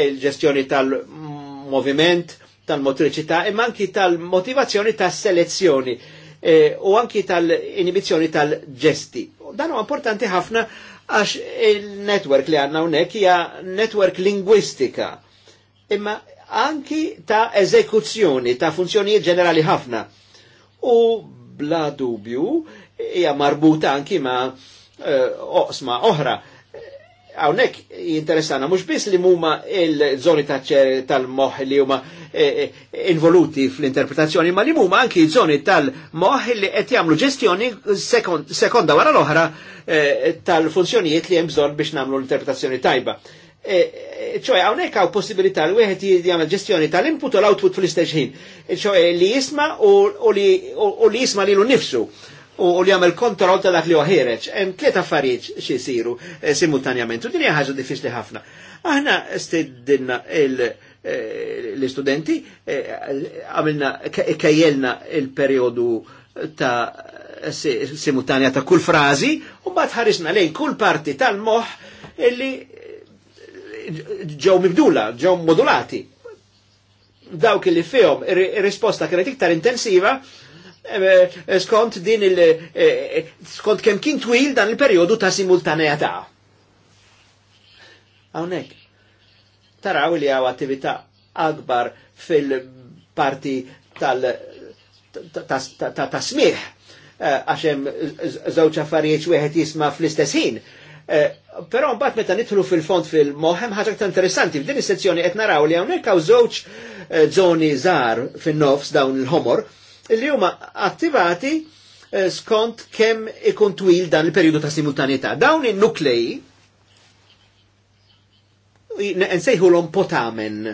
Speaker 1: il-ġestjoni tal-moviment, tal-motriċità, imma anki tal-motivazzjoni tal selezzjoni u anki tal inibizzjoni tal-ġesti. Dan huwa importanti ħafna għax il-network li għanna unek hija network lingwistika, imma anki ta' eżekuzzjoni, ta' funzjonijiet ġenerali ħafna. U bla dubju hija marbuta anki ma' uh, oqsma oħra Hawnhekk jinteressana mhux biss li huma il-żoni tal moħ li huma eh, eh, involuti fl-interpretazzjoni, ma li muma anki żoni tal moħ li qed jagħmlu ġestjoni sekonda wara l-oħra eh, tal-funzjonijiet li hemm bżonn biex nagħmlu l-interpretazzjoni tajba ċoħe, għawnek għaw possibilità li għed jgħamil ġestjoni tal-input u l-output fl istegħin ħin. ċoħe, li jisma u li jisma li l-nifsu u li għamil kontra għolta dak li uħireċ. Hemm tliet affarijiet xi jsiru eh, simultanjament u din hija diffiċli ħafna. Aħna stiddinna eh, l-istudenti eh, għamilna kajjelna il periodu ta' simultanja ta' kull frazi, u bat ħarisna lejn kull parti tal moħ illi ġew mibdula, ġew modulati. Dawk li fihom ir-risposta kienet iktar intensiva, Eh, eh, skont din il eh, skont kemm kien twil dan il-perjodu ta' simultaneità. Hawnhekk. Taraw li hawn attività akbar fil-parti tal ta' smieħ għax hemm żewġ affarijiet wieħed jisma' fl-istess ħin. Però mbagħad meta nidħlu fil-fond fil-moħem ħaġa ta' interessanti f'din is-sezzjoni qed naraw li hawnhekk hawn żewġ żoni żgħar fin-nofs dawn il-ħomor li huma attivati eh, skont kemm ikun twil dan il-periodu ta' simultanità. Dawn in-nuklei nsejħulhom potamen.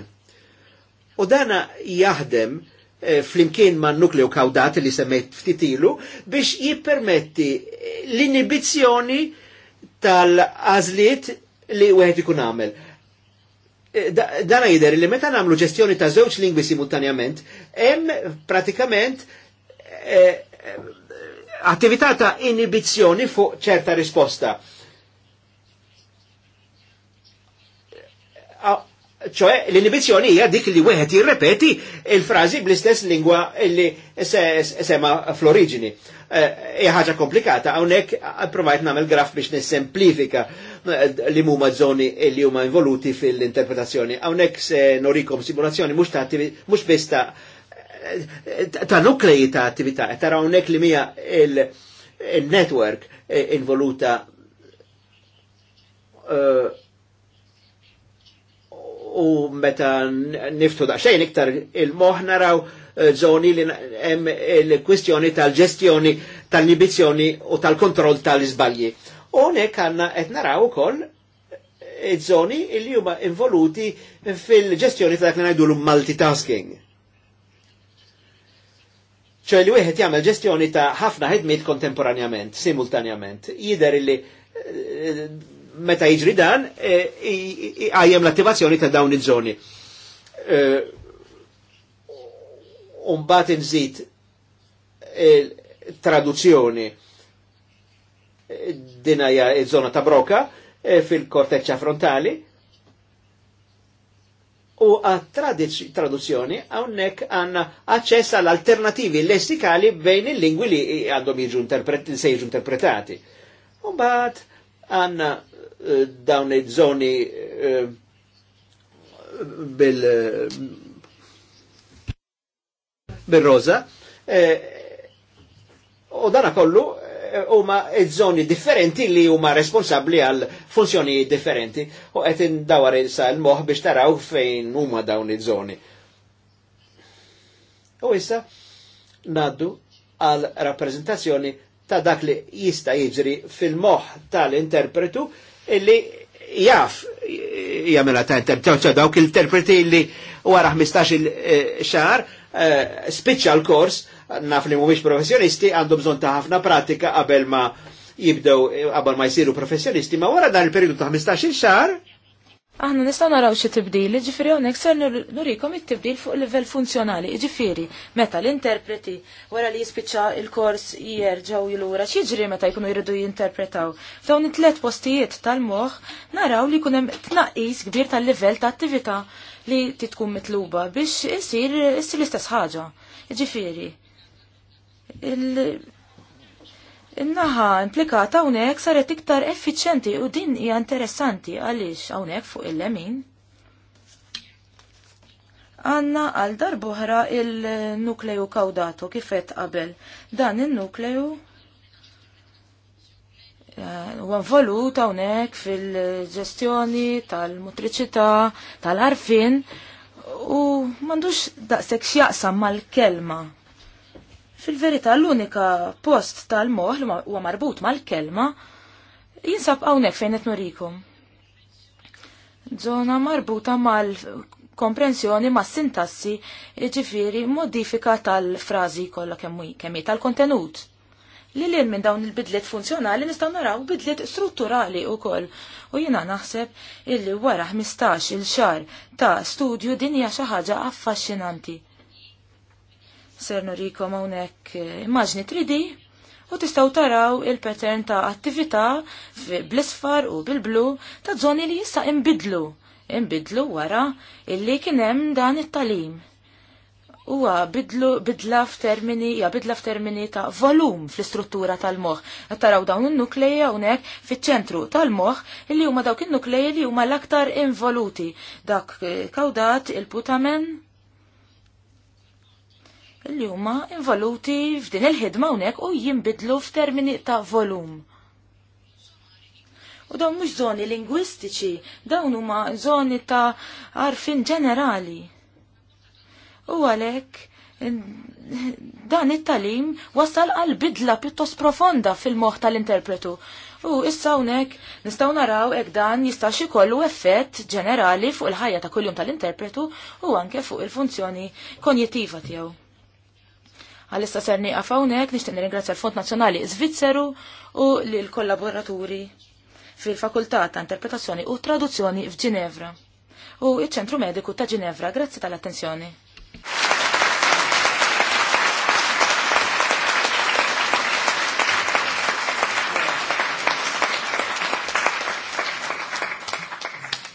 Speaker 1: U dana jaħdem eh, flimkien ma' nukleu kawdat li semmejt ftitilu biex jippermetti l inibizzjoni tal azliet li wieħed ikun għamel dan jider li meta namlu ġestjoni ta' żewġ lingwi simultanjament, hemm pratikament eh, eh attività ta' inibizzjoni fuq ċerta risposta ċoħe l-inibizjoni hija dik li wieħed jirrepeti il-frażi bl-istess lingwa li sema fl-oriġini. Eh, hija ħaġa komplikata, hawnhekk eh, provajt nagħmel graf biex nissemplifika eh, li huma żoni li huma involuti fil-interpretazzjoni. Hawnhekk se norikom simulazzjoni mhux ta' mhux biss ta' ta' nuklei ta' attività, e tara hawnhekk li mija il-network involuta uh, u meta niftu daqsxejn iktar il-moħ naraw eh, zoni li hemm il-kwistjoni tal-ġestjoni tal-nibizjoni u tal-kontroll tal-iżbalji. Unek għanna qed naraw ukoll iż-żoni li huma involuti fil-ġestjoni ta' dak li ngħidulu multitasking. ċoj li wieħed jagħmel ġestjoni ta' ħafna ħidmiet kontemporanjament, simultanjament. Jider li eh, meta jiġri dan, e, għajem l-attivazzjoni ta' dawn il-żoni. E, Umbat nżid traduzzjoni e, dinaja il-żona ta' broka fil-korteċċa frontali, u għat-traduzzjoni għonnek għanna għacċess għal alternativi lessikali bejn il-lingwi li għandhom jiġu interpretati. Umbat għanna dawn id żoni eh, bil bil-roza eh, u dana kollu eh, huma żoni differenti li huma responsabbli għal funzjoni differenti u qed indawar sa l-moħ biex taraw fejn huma dawn iż-żoni. U issa naddu għal rappresentazzjoni ta' dak li jista' jiġri fil-moħ tal-interpretu illi jaf jamela ta' interpretazzja dawk il-interpreti illi wara 15 eh, xar eh, spiċċa l-kors naf li mhumiex professjonisti għandhom bżonn ta' ħafna pratika qabel ma jibdew qabel ma jsiru professjonisti ma wara dan il-periodu ta' 15 il
Speaker 3: xar Aħna nistgħu naraw xi tibdil, jiġifieri hawnhekk ser nurikom it-tibdil fuq livell funzjonali, jiġifieri meta l-interpreti wara li jispiċċa il-kors jerġgħu jilura x'jiġri meta jkunu jridu jinterpretaw. F'dawn it-tliet postijiet tal-moħħ naraw li jkun hemm tnaqqis kbir tal-livell ta' attività li titkun mitluba biex isir issir l-istess ħaġa. jiġifieri. In-naħa implikata hawnhekk saret iktar effiċenti u din hija interessanti għaliex hawnhekk fuq il-lemin. Għanna għal darbuħra il-nukleju kawdato kifet qabel. Dan il-nukleju eh, u involut hawnhekk fil-ġestjoni tal-mutriċità, tal-arfin u m'għandux daqshekk x'jaqsam mal-kelma Fil-verità l-unika post tal-moħ li huwa marbut mal-kelma jinsab hawnhekk fejn qed nurikom. Zona marbuta mal-komprensjoni ma' sintassi ġifiri modifika tal-frażi kollha kemm kemm tal-kontenut. Li lil minn dawn il-bidliet funzjonali nistgħu naraw bidliet strutturali wkoll u jiena naħseb illi wara 15 il xahar ta' studju din hija xi ħaġa affaxxinanti ser nurikom hawnhekk eh, immaġni 3D u tistaw taraw il-pattern ta' attività bl-isfar u bil-blu ta' żoni li jista' imbidlu. Imbidlu wara illi kien hemm dan it-talim. Huwa bidlu bidla f'termini ja bidla f'termini ta' volum fl-istruttura tal-moħħ. Qed taraw dawn in-nuklei hawnhekk fiċ-ċentru tal-moħħ illi huma dawk in-nuklei li huma l-aktar involuti dak eh, kawdat il-putamen li huma involuti f'din il-ħidma hawnhekk u jinbidlu f'termini ta' volum. U dawn mhux żoni lingwistiċi, dawn huma żoni ta' arfin ġenerali. U għalhekk dan it-talim wasal għal bidla pjuttost profonda fil-moħħ tal-interpretu. U issa hawnhekk nistgħu naraw hekk dan jista' ikollu effett ġenerali fuq il-ħajja ta' kuljum tal-interpretu u anke fuq il-funzjoni konjettiva tiegħu. Għalissa serni għafawnek nishtin ringrazja l-Fond Nazjonali Svizzeru u l-kollaboraturi fil-Fakultà ta' Interpretazzjoni u Traduzzjoni f'Ġinevra u il-Ċentru Mediku ta' Ġinevra. Grazzi tal-attenzjoni.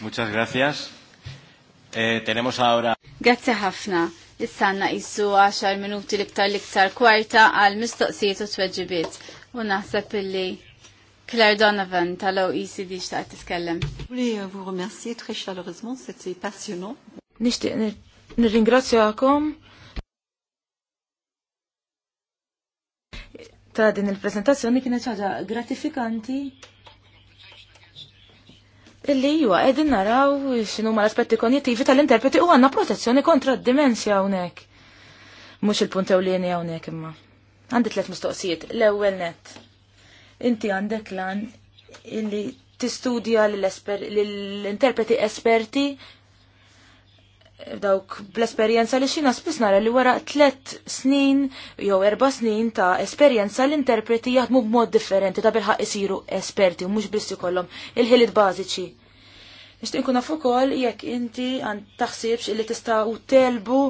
Speaker 1: Muchas gracias. Eh, tenemos ahora.
Speaker 2: Grazie ħafna. Issanna jissu 10 minuti liktar liktar kwarta għal mistoqsijiet u tweġibiet. U naħseb illi Claire Donovan tal-OECD xtaqt tiskellem. Voulez euh, vous remercier très chaleureusement, c'était passionnant.
Speaker 3: Nishtiq nirringrazzjakom ta' din il-prezentazzjoni kienet ħaġa gratifikanti. Illi jwa, edin naraw xinu ma l-aspetti konjettivi tal-interpreti u għanna protezzjoni kontra d-dimensja unek. Mux il-punt ewlieni hawnhekk imma. Għandi tliet mistoqsijiet. L-ewwel net. Inti għandek lan illi tistudja l-interpreti esperti dawk bl-esperjenza li xina spiss nara li wara tlet snin jew erba snin ta' esperjenza l-interpreti jaħdmu b'mod differenti ta' bilħaq isiru esperti u mhux biss ikollhom il-ħiliet bażiċi. Nixtieq nkun naf ukoll jekk inti għan taħsibx li u telbu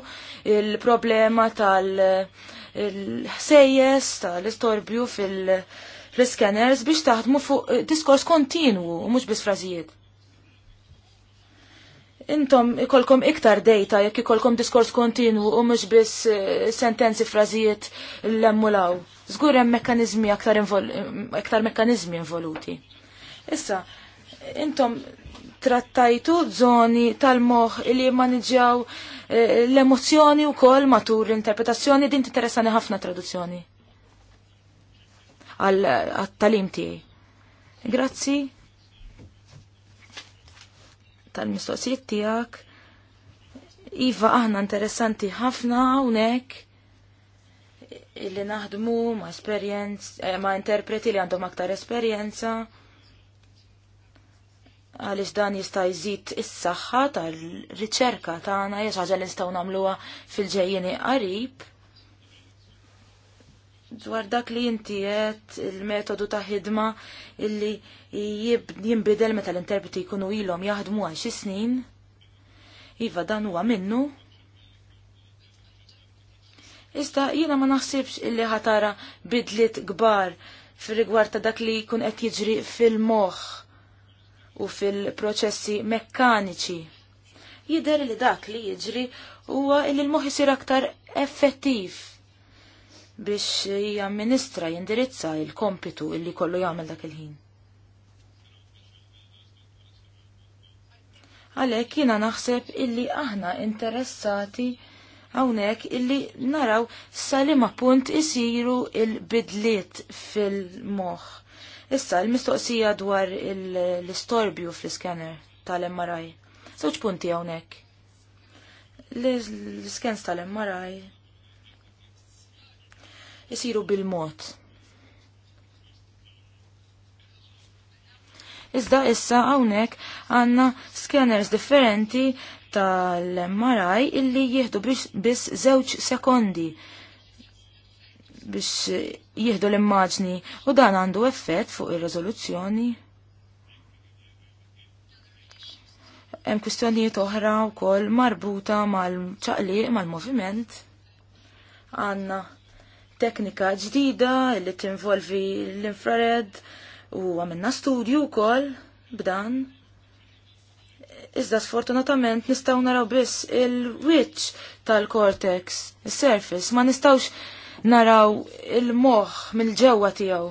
Speaker 3: il-problema tal-ħsejjes tal-istorbju fil-scanners biex taħdmu fuq diskors kontinu u mhux biss frażijiet intom ikolkom iktar dejta jekk ikolkom diskors kontinu u mhux biss eh, sentenzi frażijiet l-emmulaw. Żgur hemm mekkaniżmi aktar, iktar aktar mekkaniżmi involuti. Issa, intom trattajtu żoni tal-moħ li maniġjaw eh, l-emozjoni u kol matur l-interpretazzjoni din interessani ħafna traduzzjoni għal-talim tiegħi. Grazzi tal-mistoqsijiet tiegħek. Iva aħna interessanti ħafna hawnhekk illi naħdmu ma' esperjenz, eh, ma' interpreti li għandhom aktar esperjenza għaliex dan jista' jżid is-saħħa tal-riċerka tagħna hija ħaġa li nistgħu nagħmluha fil ġejjini qarib. Dwar dak li inti qed il-metodu ta' ħidma illi jinbidel meta l-interpreti jkunu ilhom jaħdmu għal xi snin. Iva dan huwa minnu. Iżda jiena ma naħsibx illi ħatara bidliet kbar fir-rigward ta' dak li jkun qed jiġri fil-moħħ u fil-proċessi mekkaniċi. Jidher li dak li jiġri huwa illi l-moħħ isir aktar effettiv biex jamministra jindirizza il-kompitu illi kollu jagħmel dak il-ħin. għalhekk jiena naħseb illi aħna interessati hawnhekk illi naraw salima punt isiru il-bidliet fil-moħħ. Issa l-mistoqsija dwar l-istorbju fl skanner tal-MRI. Żewġ punti hawnhekk. l skans tal-MRI isiru bil-mod Iżda issa hawnhekk għandna scanners differenti tal-MRI illi jieħdu biss żewġ sekondi biex jieħdu l-immaġni u dan għandu effett fuq ir-riżoluzzjoni. Hemm kwistjonijiet oħra wkoll marbuta mal-ċaqliq mal-moviment. Għandna teknika ġdida li tinvolvi l-infrared, u għamilna studju wkoll b'dan. Iżda sfortunatament nistgħu naraw biss il-wiċċ tal-cortex, is-surface, ma nistgħux naraw il-moħħ mill-ġewwa tiegħu.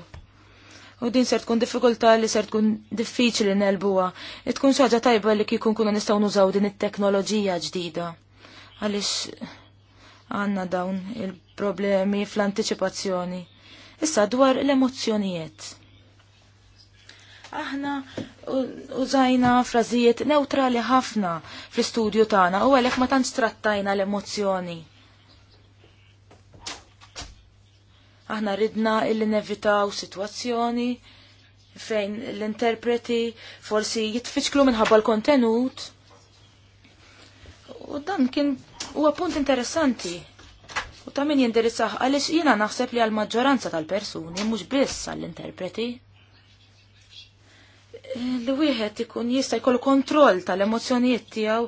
Speaker 3: U din ser tkun diffikultà li ser tkun diffiċli nelbuha. Tkun xi ħaġa tajba li kikun kuna nistgħu nużaw din it-teknoloġija ġdida. Għaliex għandna dawn il-problemi fl-antiċipazzjoni. Issa dwar l-emozzjonijiet. Aħna użajna frażijiet neutrali ħafna fl-istudju tagħna u għalhekk ma tantx trattajna l-emozzjoni. Aħna ridna illi nevitaw sitwazzjoni fejn l-interpreti forsi jitfiċklu minħabba l-kontenut. U dan kien huwa punt interessanti. U ta' min jindirizzaħ għaliex jiena naħseb li għal maġġoranza tal-persuni mhux biss għall-interpreti li wieħed ikun jista' jkoll kontroll tal-emozzjonijiet tiegħu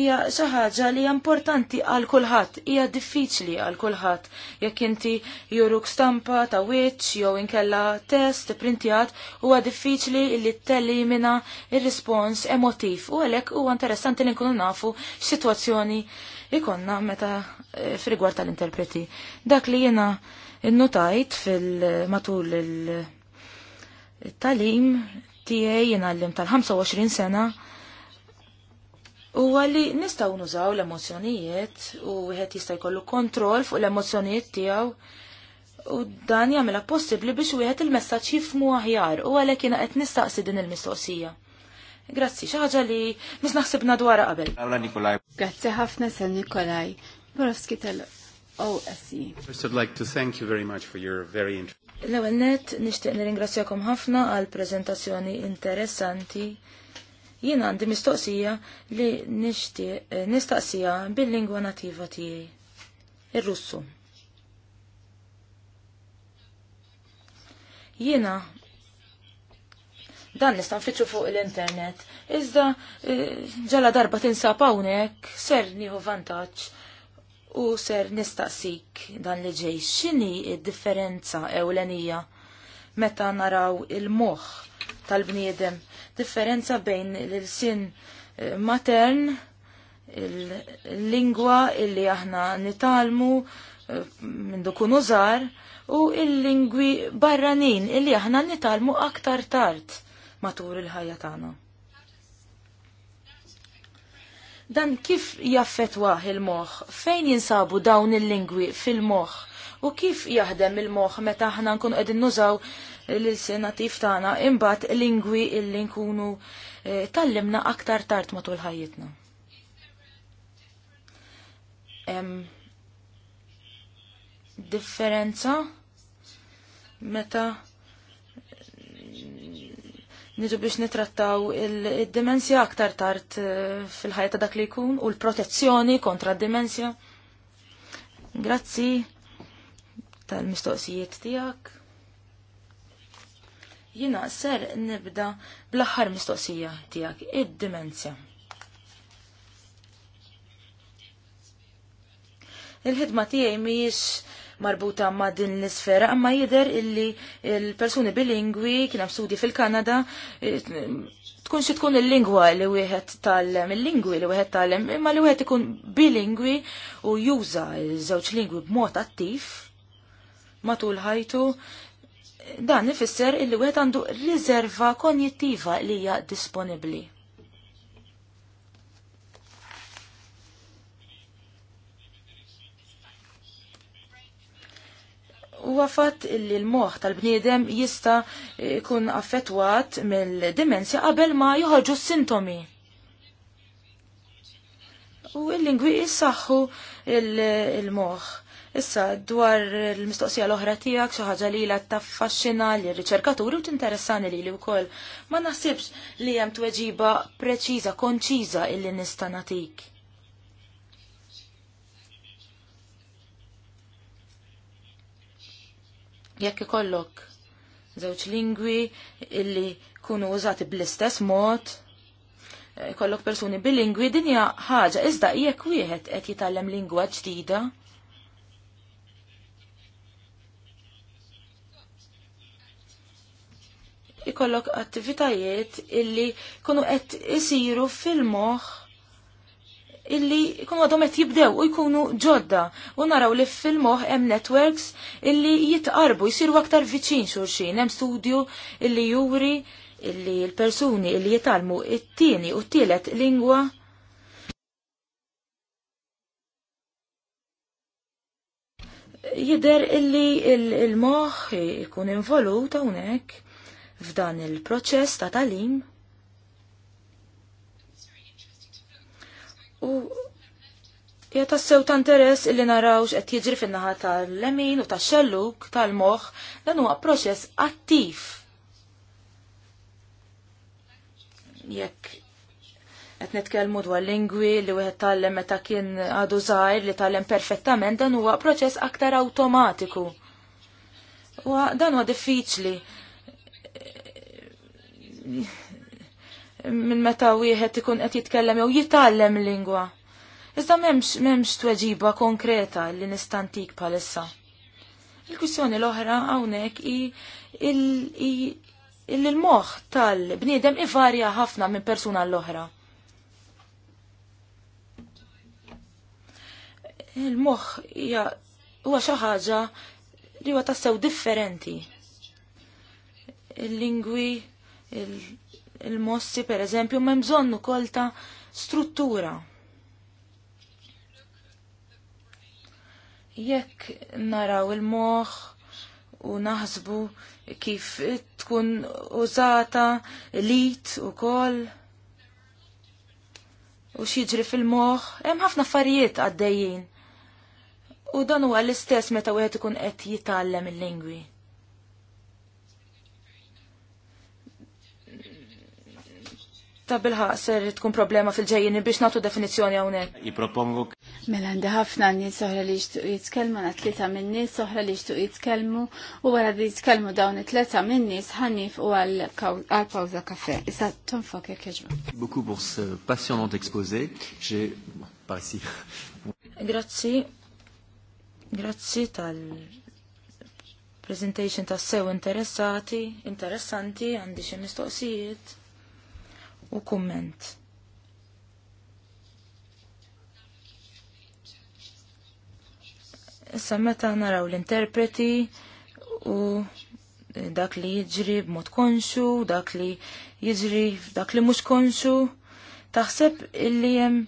Speaker 3: hija xi ħaġa li hija importanti għal kulħadd, hija diffiċli għal kulħadd. Jekk inti juruk stampa ta' wiċċ jew inkella test printjat huwa diffiċli li tellimina ir-rispons emotiv u għalhekk huwa interessanti li nkunu nafu x'sitwazzjoni ikonna meta frigwar tal-interpreti. Dak li jiena innutajt fil-matul il-talim tijaj jiena tal-25 sena u għalli nistgħu nużaw l-emozjonijiet u għet jista' jkollu kontrol fuq l-emozjonijiet tijaw u dan jamela possibli biex u għet il messaċ jifmu aħjar u għalli jiena għet nistaqsi din il-mistoqsija. Grazzi, xaħġa li mis naħsibna dwar qabel. Grazzi ħafna sen Nikolaj. Borowski tal
Speaker 2: OSI. E. First I'd like to thank you very much for your very interesting
Speaker 3: L-ewwel net nixtieq nirringrazzjakom ħafna għal preżentazzjoni interessanti. Jien għandi mistoqsija li nixtieq eh, nistaqsija bil-lingwa nativa tiegħi. Ir-Russu. Jiena dan nista' nfittxu fuq l-internet. Iżda eh, ġala darba tinsab hawnhekk ser nieħu vantaġġ u ser nistaqsik dan li ġej x'inhi id-differenza ewlenija meta naraw il-moħħ tal-bniedem, differenza bejn l-sin eh, matern, il-lingwa illi aħna nitalmu eh, minn dukun użar u il-lingwi barranin illi aħna nitalmu aktar tard matul il-ħajja tagħna. Dan kif jaffetwa il-moħ? Fejn jinsabu dawn il-lingwi fil-moħ? U kif jaħdem il-moħ meta aħna nkun qegħdin nużaw l-sinatif tagħna imbagħad lingwi illi nkunu eh, tallimna aktar tard matul ħajjitna. differenza meta nidu biex nitrattaw il-dimensja aktar tard eh, fil-ħajja ta' dak li jkun u l-protezzjoni kontra d-dimensja. Grazzi tal-mistoqsijiet tiegħek. Jina ser nibda bl-aħħar mistoqsija tiegħek id-dimensja. Il-ħidma tiegħi miex marbuta ma' din l-isfera, imma jider illi il-persuni bilingwi kien hemm studi fil-Kanada tkun xi tkun il-lingwa li wieħed tallem, il-lingwi li wieħed tal-lem, imma li wieħed ikun bilingwi u juża żewġ lingwi b'mod attiv matul ħajtu dan ifisser illi wieħed għandu riserva konjettiva li hija disponibbli. huwa fatt li l-moħħ tal-bniedem jista' jkun affettwat mill-dimensja qabel ma joħorġu s-sintomi. U l-lingwi jissaħħu il-moħħ. Issa dwar l-mistoqsija l-oħra tiegħek xi ħaġa la taffaxxina li r riċerkaturi u tinteressani lili wkoll. Ma naħsibx li hemm tweġiba preċiża, konċiża il nista' nistanatik. Jekk ikollok żewġ lingwi illi kunu użati bl-istess mod, eh, kollok persuni bilingwi dinja ħaġa, iżda jekk wieħed qed jitgħallem lingwa ġdida. Ikollok attivitajiet illi kunu qed isiru fil-moħħ illi jkunu għadhom qed jibdew u jkunu ġodda u naraw li fil-moħ hemm networks illi jitqarbu jsiru aktar viċin xulxin, hemm studju illi juri illi l-persuni illi jitalmu it-tieni u t-tielet lingwa jider illi il-moħ il ikun involut hawnhekk f'dan il-proċess ta' talim. U Ja tassew ta' interess illi narawx qed jiġri fin-naħa tal-lemin u tax-xelluk tal-moħħ dan huwa proċess attiv. Jekk qed nitkellmu dwar lingwi li wieħed tallem meta kien għadu żgħir li tallem perfettament dan huwa proċess aktar awtomatiku. U dan huwa diffiċli minn meta wieħed ikun qed jitkellem jew jitgħallem lingwa. Iżda m'hemmx m'hemmx tweġiba konkreta li nistantik bħalissa. Il-kwissjoni l-oħra hawnhekk hi il-moħħ tal-bniedem ivarja ħafna minn persuna l-oħra. il moħħ hija huwa xi ħaġa li huwa tassew differenti. Il-lingwi, il-mossi per eżempju, ma bżonnu kolta ta' struttura. Jekk naraw il-moħ u naħsbu kif tkun użata lit u kol u xieġri fil-moħ, hemm ħafna affarijiet għaddejjin. U dan huwa l-istess meta wieħed ikun qed jitgħallem il-lingwi. ta' bilħa ser tkun problema fil-ġejjin biex natu definizjoni għawne. Jipropongu. Mela għandi ħafna nis oħra
Speaker 2: li jixtuq jitkelmu, na tlieta minn nies oħra li jixtuq jitkelmu, u għara li jitkelmu dawn it-tlieta minn ħanif u għal pawza kafe. Issa tonfok jekk jogħġbok.
Speaker 1: Beaucoup bors passionant passionnant exposé. J'ai
Speaker 3: Grazzi. Grazzi tal presentation ta' sew interessati, interessanti, għandi xe mistoqsijiet u kumment. Issa meta naraw l-interpreti u dak li jiġri b'mod konxu, dak li jiġri dak li mhux konxu, taħseb illi hemm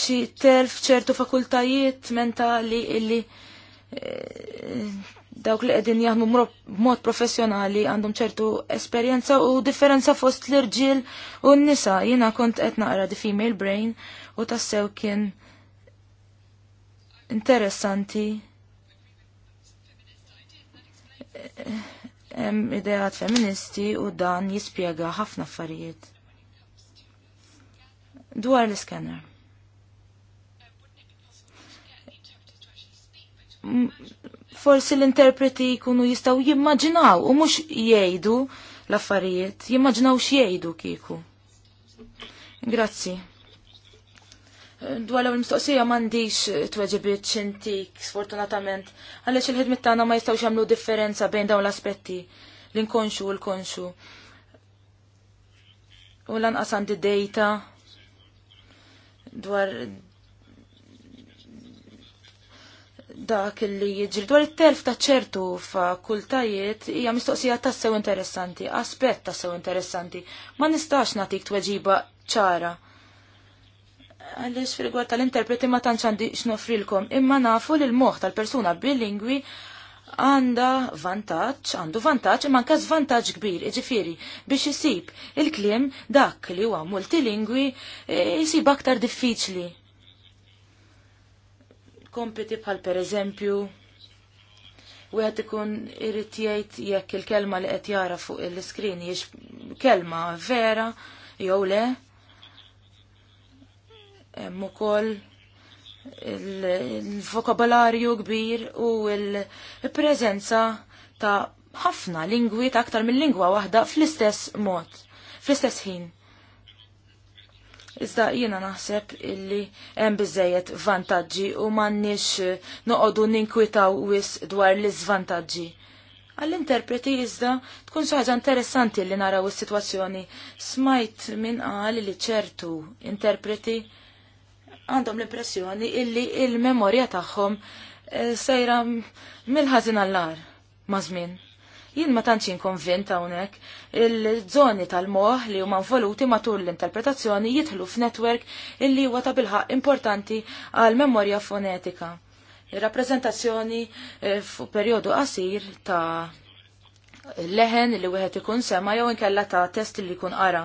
Speaker 3: xi telf ċertu fakultajiet mentali illi eh, dawk li qegħdin jahmu b'mod professjonali għandhom ċertu esperjenza u differenza fost l-irġiel u n-nisa. Jiena kont qed naqra di female brain u tassew kien interessanti. Hemm ideat feministi u dan jispjega ħafna affarijiet. Dwar l-iskanner forsi l-interpreti jkunu jistaw jimmaġinaw u mux jgħidu l-affarijiet, jimmaġinaw x'jgħidu kieku. Grazzi. Dwar l mistoqsija m'għandix tweġibiet x'intik sfortunatament għaliex il-ħidmit tagħna ma jistgħux jagħmlu differenza bejn dawn l-aspetti l-inkonxu u l-konxu. U lanqas għandi dejta dwar dak li jiġri dwar it-telf ta' ċertu fakultajiet hija mistoqsija tassew interessanti, aspett tassew interessanti. Ma nistax nagħtik tweġiba ċara. Għaliex fil-gwar tal-interpreti ma tantx għandi x'nofrilkom, imma nafu li l-moħħ tal-persuna bilingwi għanda vantaġġ, għandu vantaġġ imma nkas vantaġġ kbir, iġifieri biex isib il-kliem dak li huwa multilingwi e, isib aktar diffiċli kompiti bħal per eżempju u għed ikun irrit jgħid jekk il-kelma li qed jara fuq il iskrin jiex kelma vera jew le. Hemm ukoll il-vokabolarju kbir u l-preżenza ta' ħafna lingwi ta' aktar mill lingwa waħda fl-istess mod, fl-istess ħin. Iżda jiena naħseb illi hemm biżejjed vantaġġi u m'għandniex eh, noqogħdu ninkwitaw wis dwar l-iżvantaġġi. Għall-interpreti iżda tkun xi ħaġa interessanti li naraw is-sitwazzjoni. Smajt min qal li ċertu interpreti għandhom l-impressjoni illi il-memorja tagħhom eh, sejra mill-ħażin għall-ar mażmin. Jien ma tantx inkonvint hawnhekk. Il-żoni tal-moħ li huma involuti matul l-interpretazzjoni jidħlu f'netwerk illi huwa ta' bilħaq importanti għal memorja fonetika. Ir-rappreżentazzjoni eh, f'perjodu qasir ta' leħen li wieħed ikun sema jew inkella ta' test li jkun ara.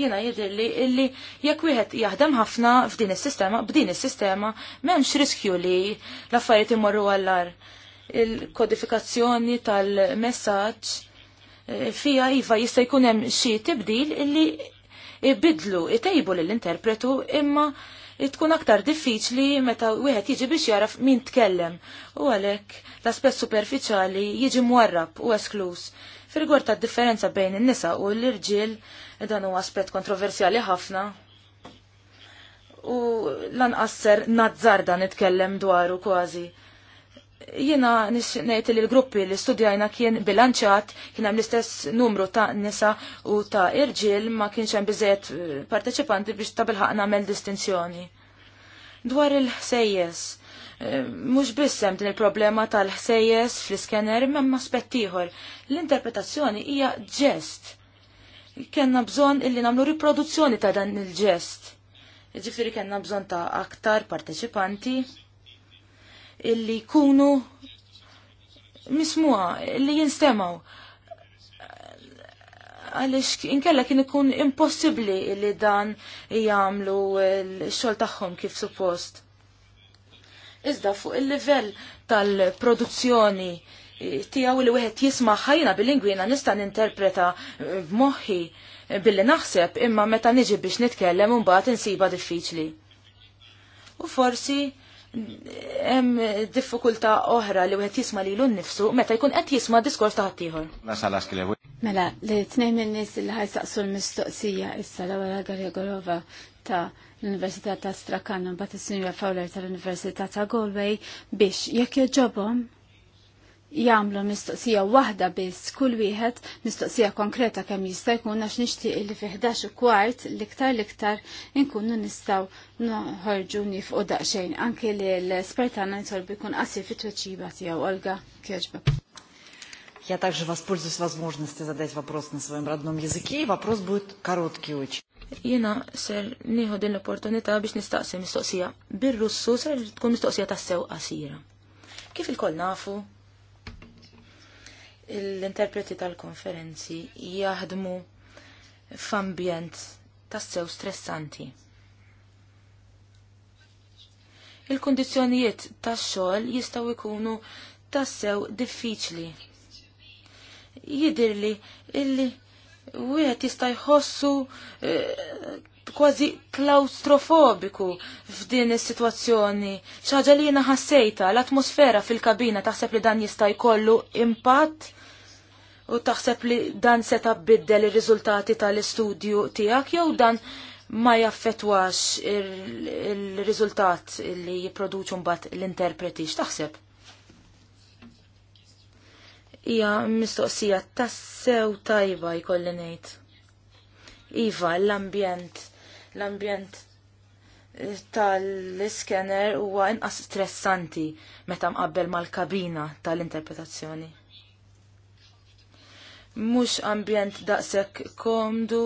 Speaker 3: Jiena jidilli illi jekk wieħed jaħdem ħafna f'din is-sistema, b'din is-sistema m'hemmx riskju li l-affarijiet imorru għall-għar il-kodifikazzjoni tal-messaġġ e, fija iva jista' jkun hemm xi tibdil illi ibidlu itejbu lill-interpretu imma tkun aktar diffiċli meta wieħed jiġi biex jaraf min tkellem u għalhekk l-aspett superfiċjali jiġi mwarrab u esklus. Fil-gwar ta' differenza bejn in-nisa u l-irġiel dan huwa aspett kontroversjali ħafna. U qasser nazzar dan nitkellem dwaru kważi. Jiena nisnejt li l-gruppi li studjajna kien bilanċat, kien hemm l-istess numru ta' nisa u ta' irġiel ma kienx hemm biżejjed eh, parteċipanti biex ta' bilħaq nagħmel distinzjoni. Dwar il-ħsejjes, eh, mhux biss hemm din il-problema tal-ħsejjes fl-iskener imma aspett ieħor. L-interpretazzjoni hija ġest. Kenna bżonn illi nagħmlu riproduzzjoni ta' dan il-ġest. Ġifieri kenna bżonn ta' aktar parteċipanti illi jkunu mismuha illi jinstemaw. Għaliex inkella kien ikun impossibbli illi dan jagħmlu l-xogħol tagħhom kif suppost. Iżda fuq il-livell tal-produzzjoni tiegħu li wieħed jisma' ħajna bil-lingwina nista' ninterpreta b'moħħi billi naħseb imma meta niġi biex nitkellem imbagħad insiba diffiċli. U forsi hemm diffikultà oħra li wieħed jisma' lilu nnifsu meta jkun qed jisma' diskors ta'
Speaker 1: ħaddieħor.
Speaker 3: Mela, li tnejn min-nies li ħajsaqsu l-mistoqsija issa l-ewwel Garjagorova
Speaker 2: ta' l-Università ta' Strakan u mbagħad is-Sinjura Fowler tal-Università ta' Galway biex jekk joġobhom Jamlu mistoqsija waħda biss kull wieħed mistoqsija konkreta kemm jista' jkun għax nixtieq li fi 11 u kwart l-iktar l-iktar inkunu nistgħu noħorġu nifqu daqsxejn anke li l-espert għandna jkun
Speaker 3: qasir fit-tweċiba tiegħu Olga kieġbek.
Speaker 2: Я также воспользуюсь возможностью
Speaker 3: задать вопрос на своем родном языке, и вопрос будет короткий очень. Jena ser nieħu din l-opportunità biex nistaqsi mistoqsija. Bir-Russu ser tkun mistoqsija tas sew qasira. Kif il-koll nafu, l-interpreti tal-konferenzi jaħdmu f'ambjent tassew stressanti. Il-kondizjonijiet tax-xogħol jistgħu jkunu tassew diffiċli. Jidirli illi wieħed jista' jħossu eh, kważi klaustrofobiku f'din is-sitwazzjoni. ċaġa li ħassejta l-atmosfera fil-kabina taħseb li dan jista' jkollu impatt u taħseb li dan se tabbiddel ir-riżultati tal-istudju tiegħek jew dan ma jaffetwax il-riżultat il li jipproduċu mbagħad l-interpreti x'taħseb? Ija mistoqsija tassew tajba jkolli ngħid. Iva, l-ambjent l-ambjent eh, tal-iskener huwa inqas stressanti meta mqabbel mal-kabina tal-interpretazzjoni. Mhux ambjent daqshekk komdu,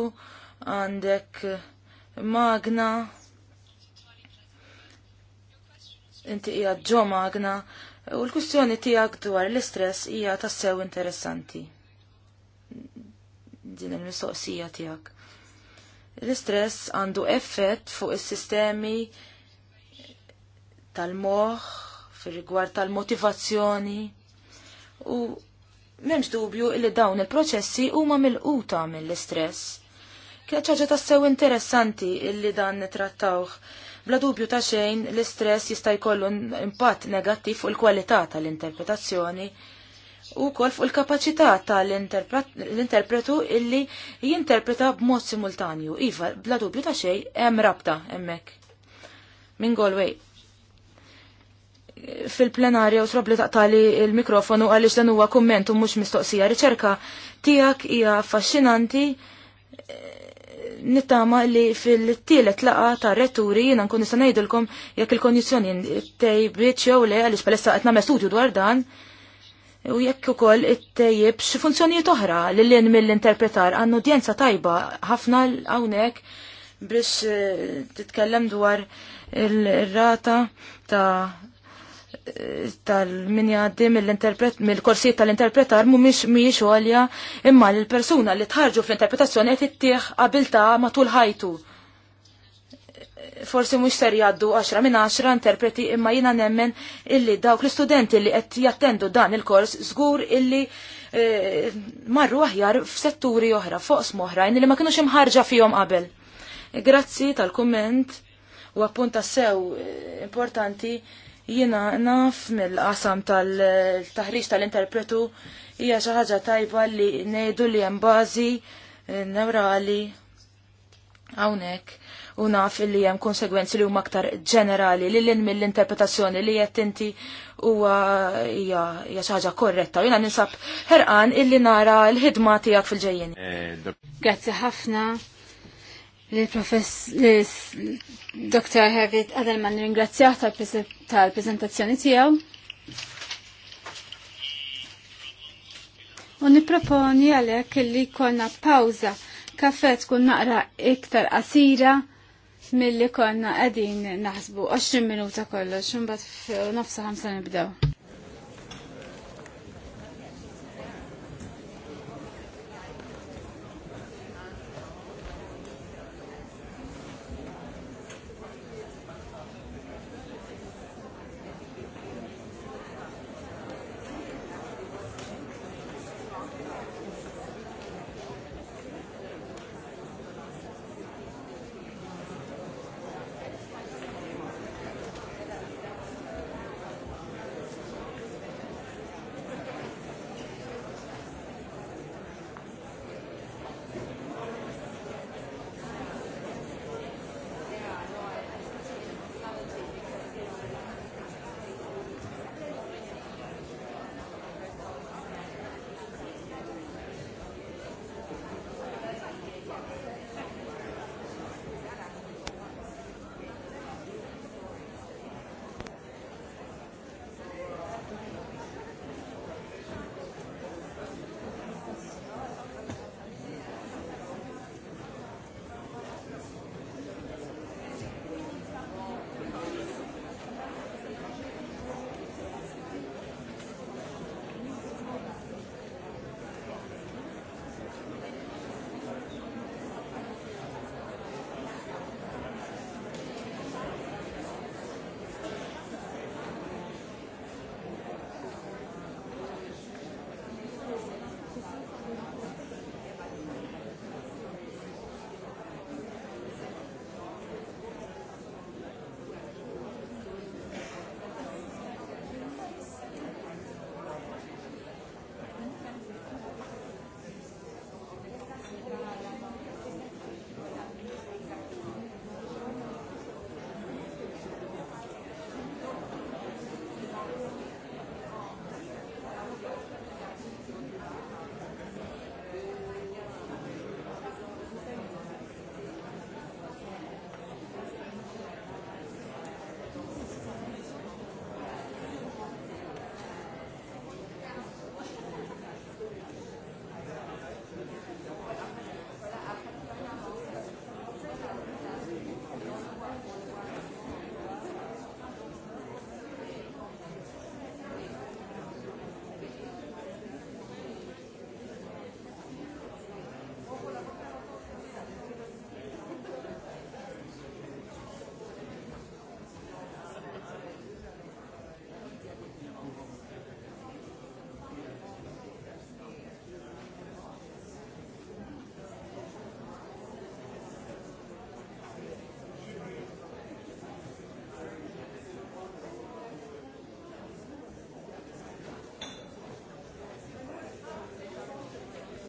Speaker 3: għandek magna, inti hija ġo magna, u l-kustjoni tiegħek dwar l-istress hija tassew interessanti. Din il-mistoqsija tiegħek. L-istress għandu effett fuq is-sistemi tal-moħ, fir-rigward tal-motivazzjoni u memx dubju li dawn il-proċessi huma mill-quta mill-istress. Kien ċaġa tassew interessanti illi dan nitrattawh. Bla dubju ta' xejn, l-istress jista' jkollu impatt negattiv fuq il-kwalità tal-interpretazzjoni u kol fuq il-kapacità tal-interpretu illi jinterpreta b'mod simultanju. Iva, bla dubju ta' xej, hemm rabta hemmhekk. Min Galway. Fil-plenarja u trobli taqtali il-mikrofonu għaliex dan huwa u mhux mistoqsija. Riċerka tiegħek hija affaxxinanti nittama li fil-tielet laqa ta' retturi jina nkun nista' ngħidilkom jekk il-kondizzjoni tejbiet jew le għaliex palissa qed nagħmel studju dwar dan u jekk ukoll ittejjib xi funzjonijiet oħra lil lin mill-interpretar għan udjenza tajba ħafna hawnhekk biex eh, titkellem dwar il-rata ta' eh, tal-min jgħaddi mill-korsijiet tal-interpretar mu miex għolja imma l-persuna li tħarġu fl-interpretazzjoni qed tieħ qabilta matul ħajtu forsi mhux ser jgħaddu 10 minn 10 interpreti imma jiena nemmen illi dawk l-istudenti li qed jattendu dan il-kors żgur illi e, marru aħjar f'setturi oħra fuq oħrajn li ma kinux imħarġa fihom qabel. Grazzi tal-kumment u appunta sew e, importanti jiena naf mill-qasam tal-taħriġ tal-interpretu hija xi ħaġa tajba li ngħidu li hemm bażi e, newrali hawnhekk u naf li hemm konsegwenzi li huma aktar ġenerali li l-in mill-interpretazzjoni li qed inti huwa hija xi ħaġa korretta. Jiena ninsab ħerqan illi nara l-ħidma tiegħek fil-ġejjin. Eh, Grazzi ħafna l Dr.
Speaker 2: Herbert Adelman ringrazzjah tal-prezentazzjoni tiegħu. U niproponi għalhekk li konna pawza kafe tkun naqra iktar qasira mill-li konna għadin naħsbu 20 minuta kollox, un bat nofsa ħamsa nibdew.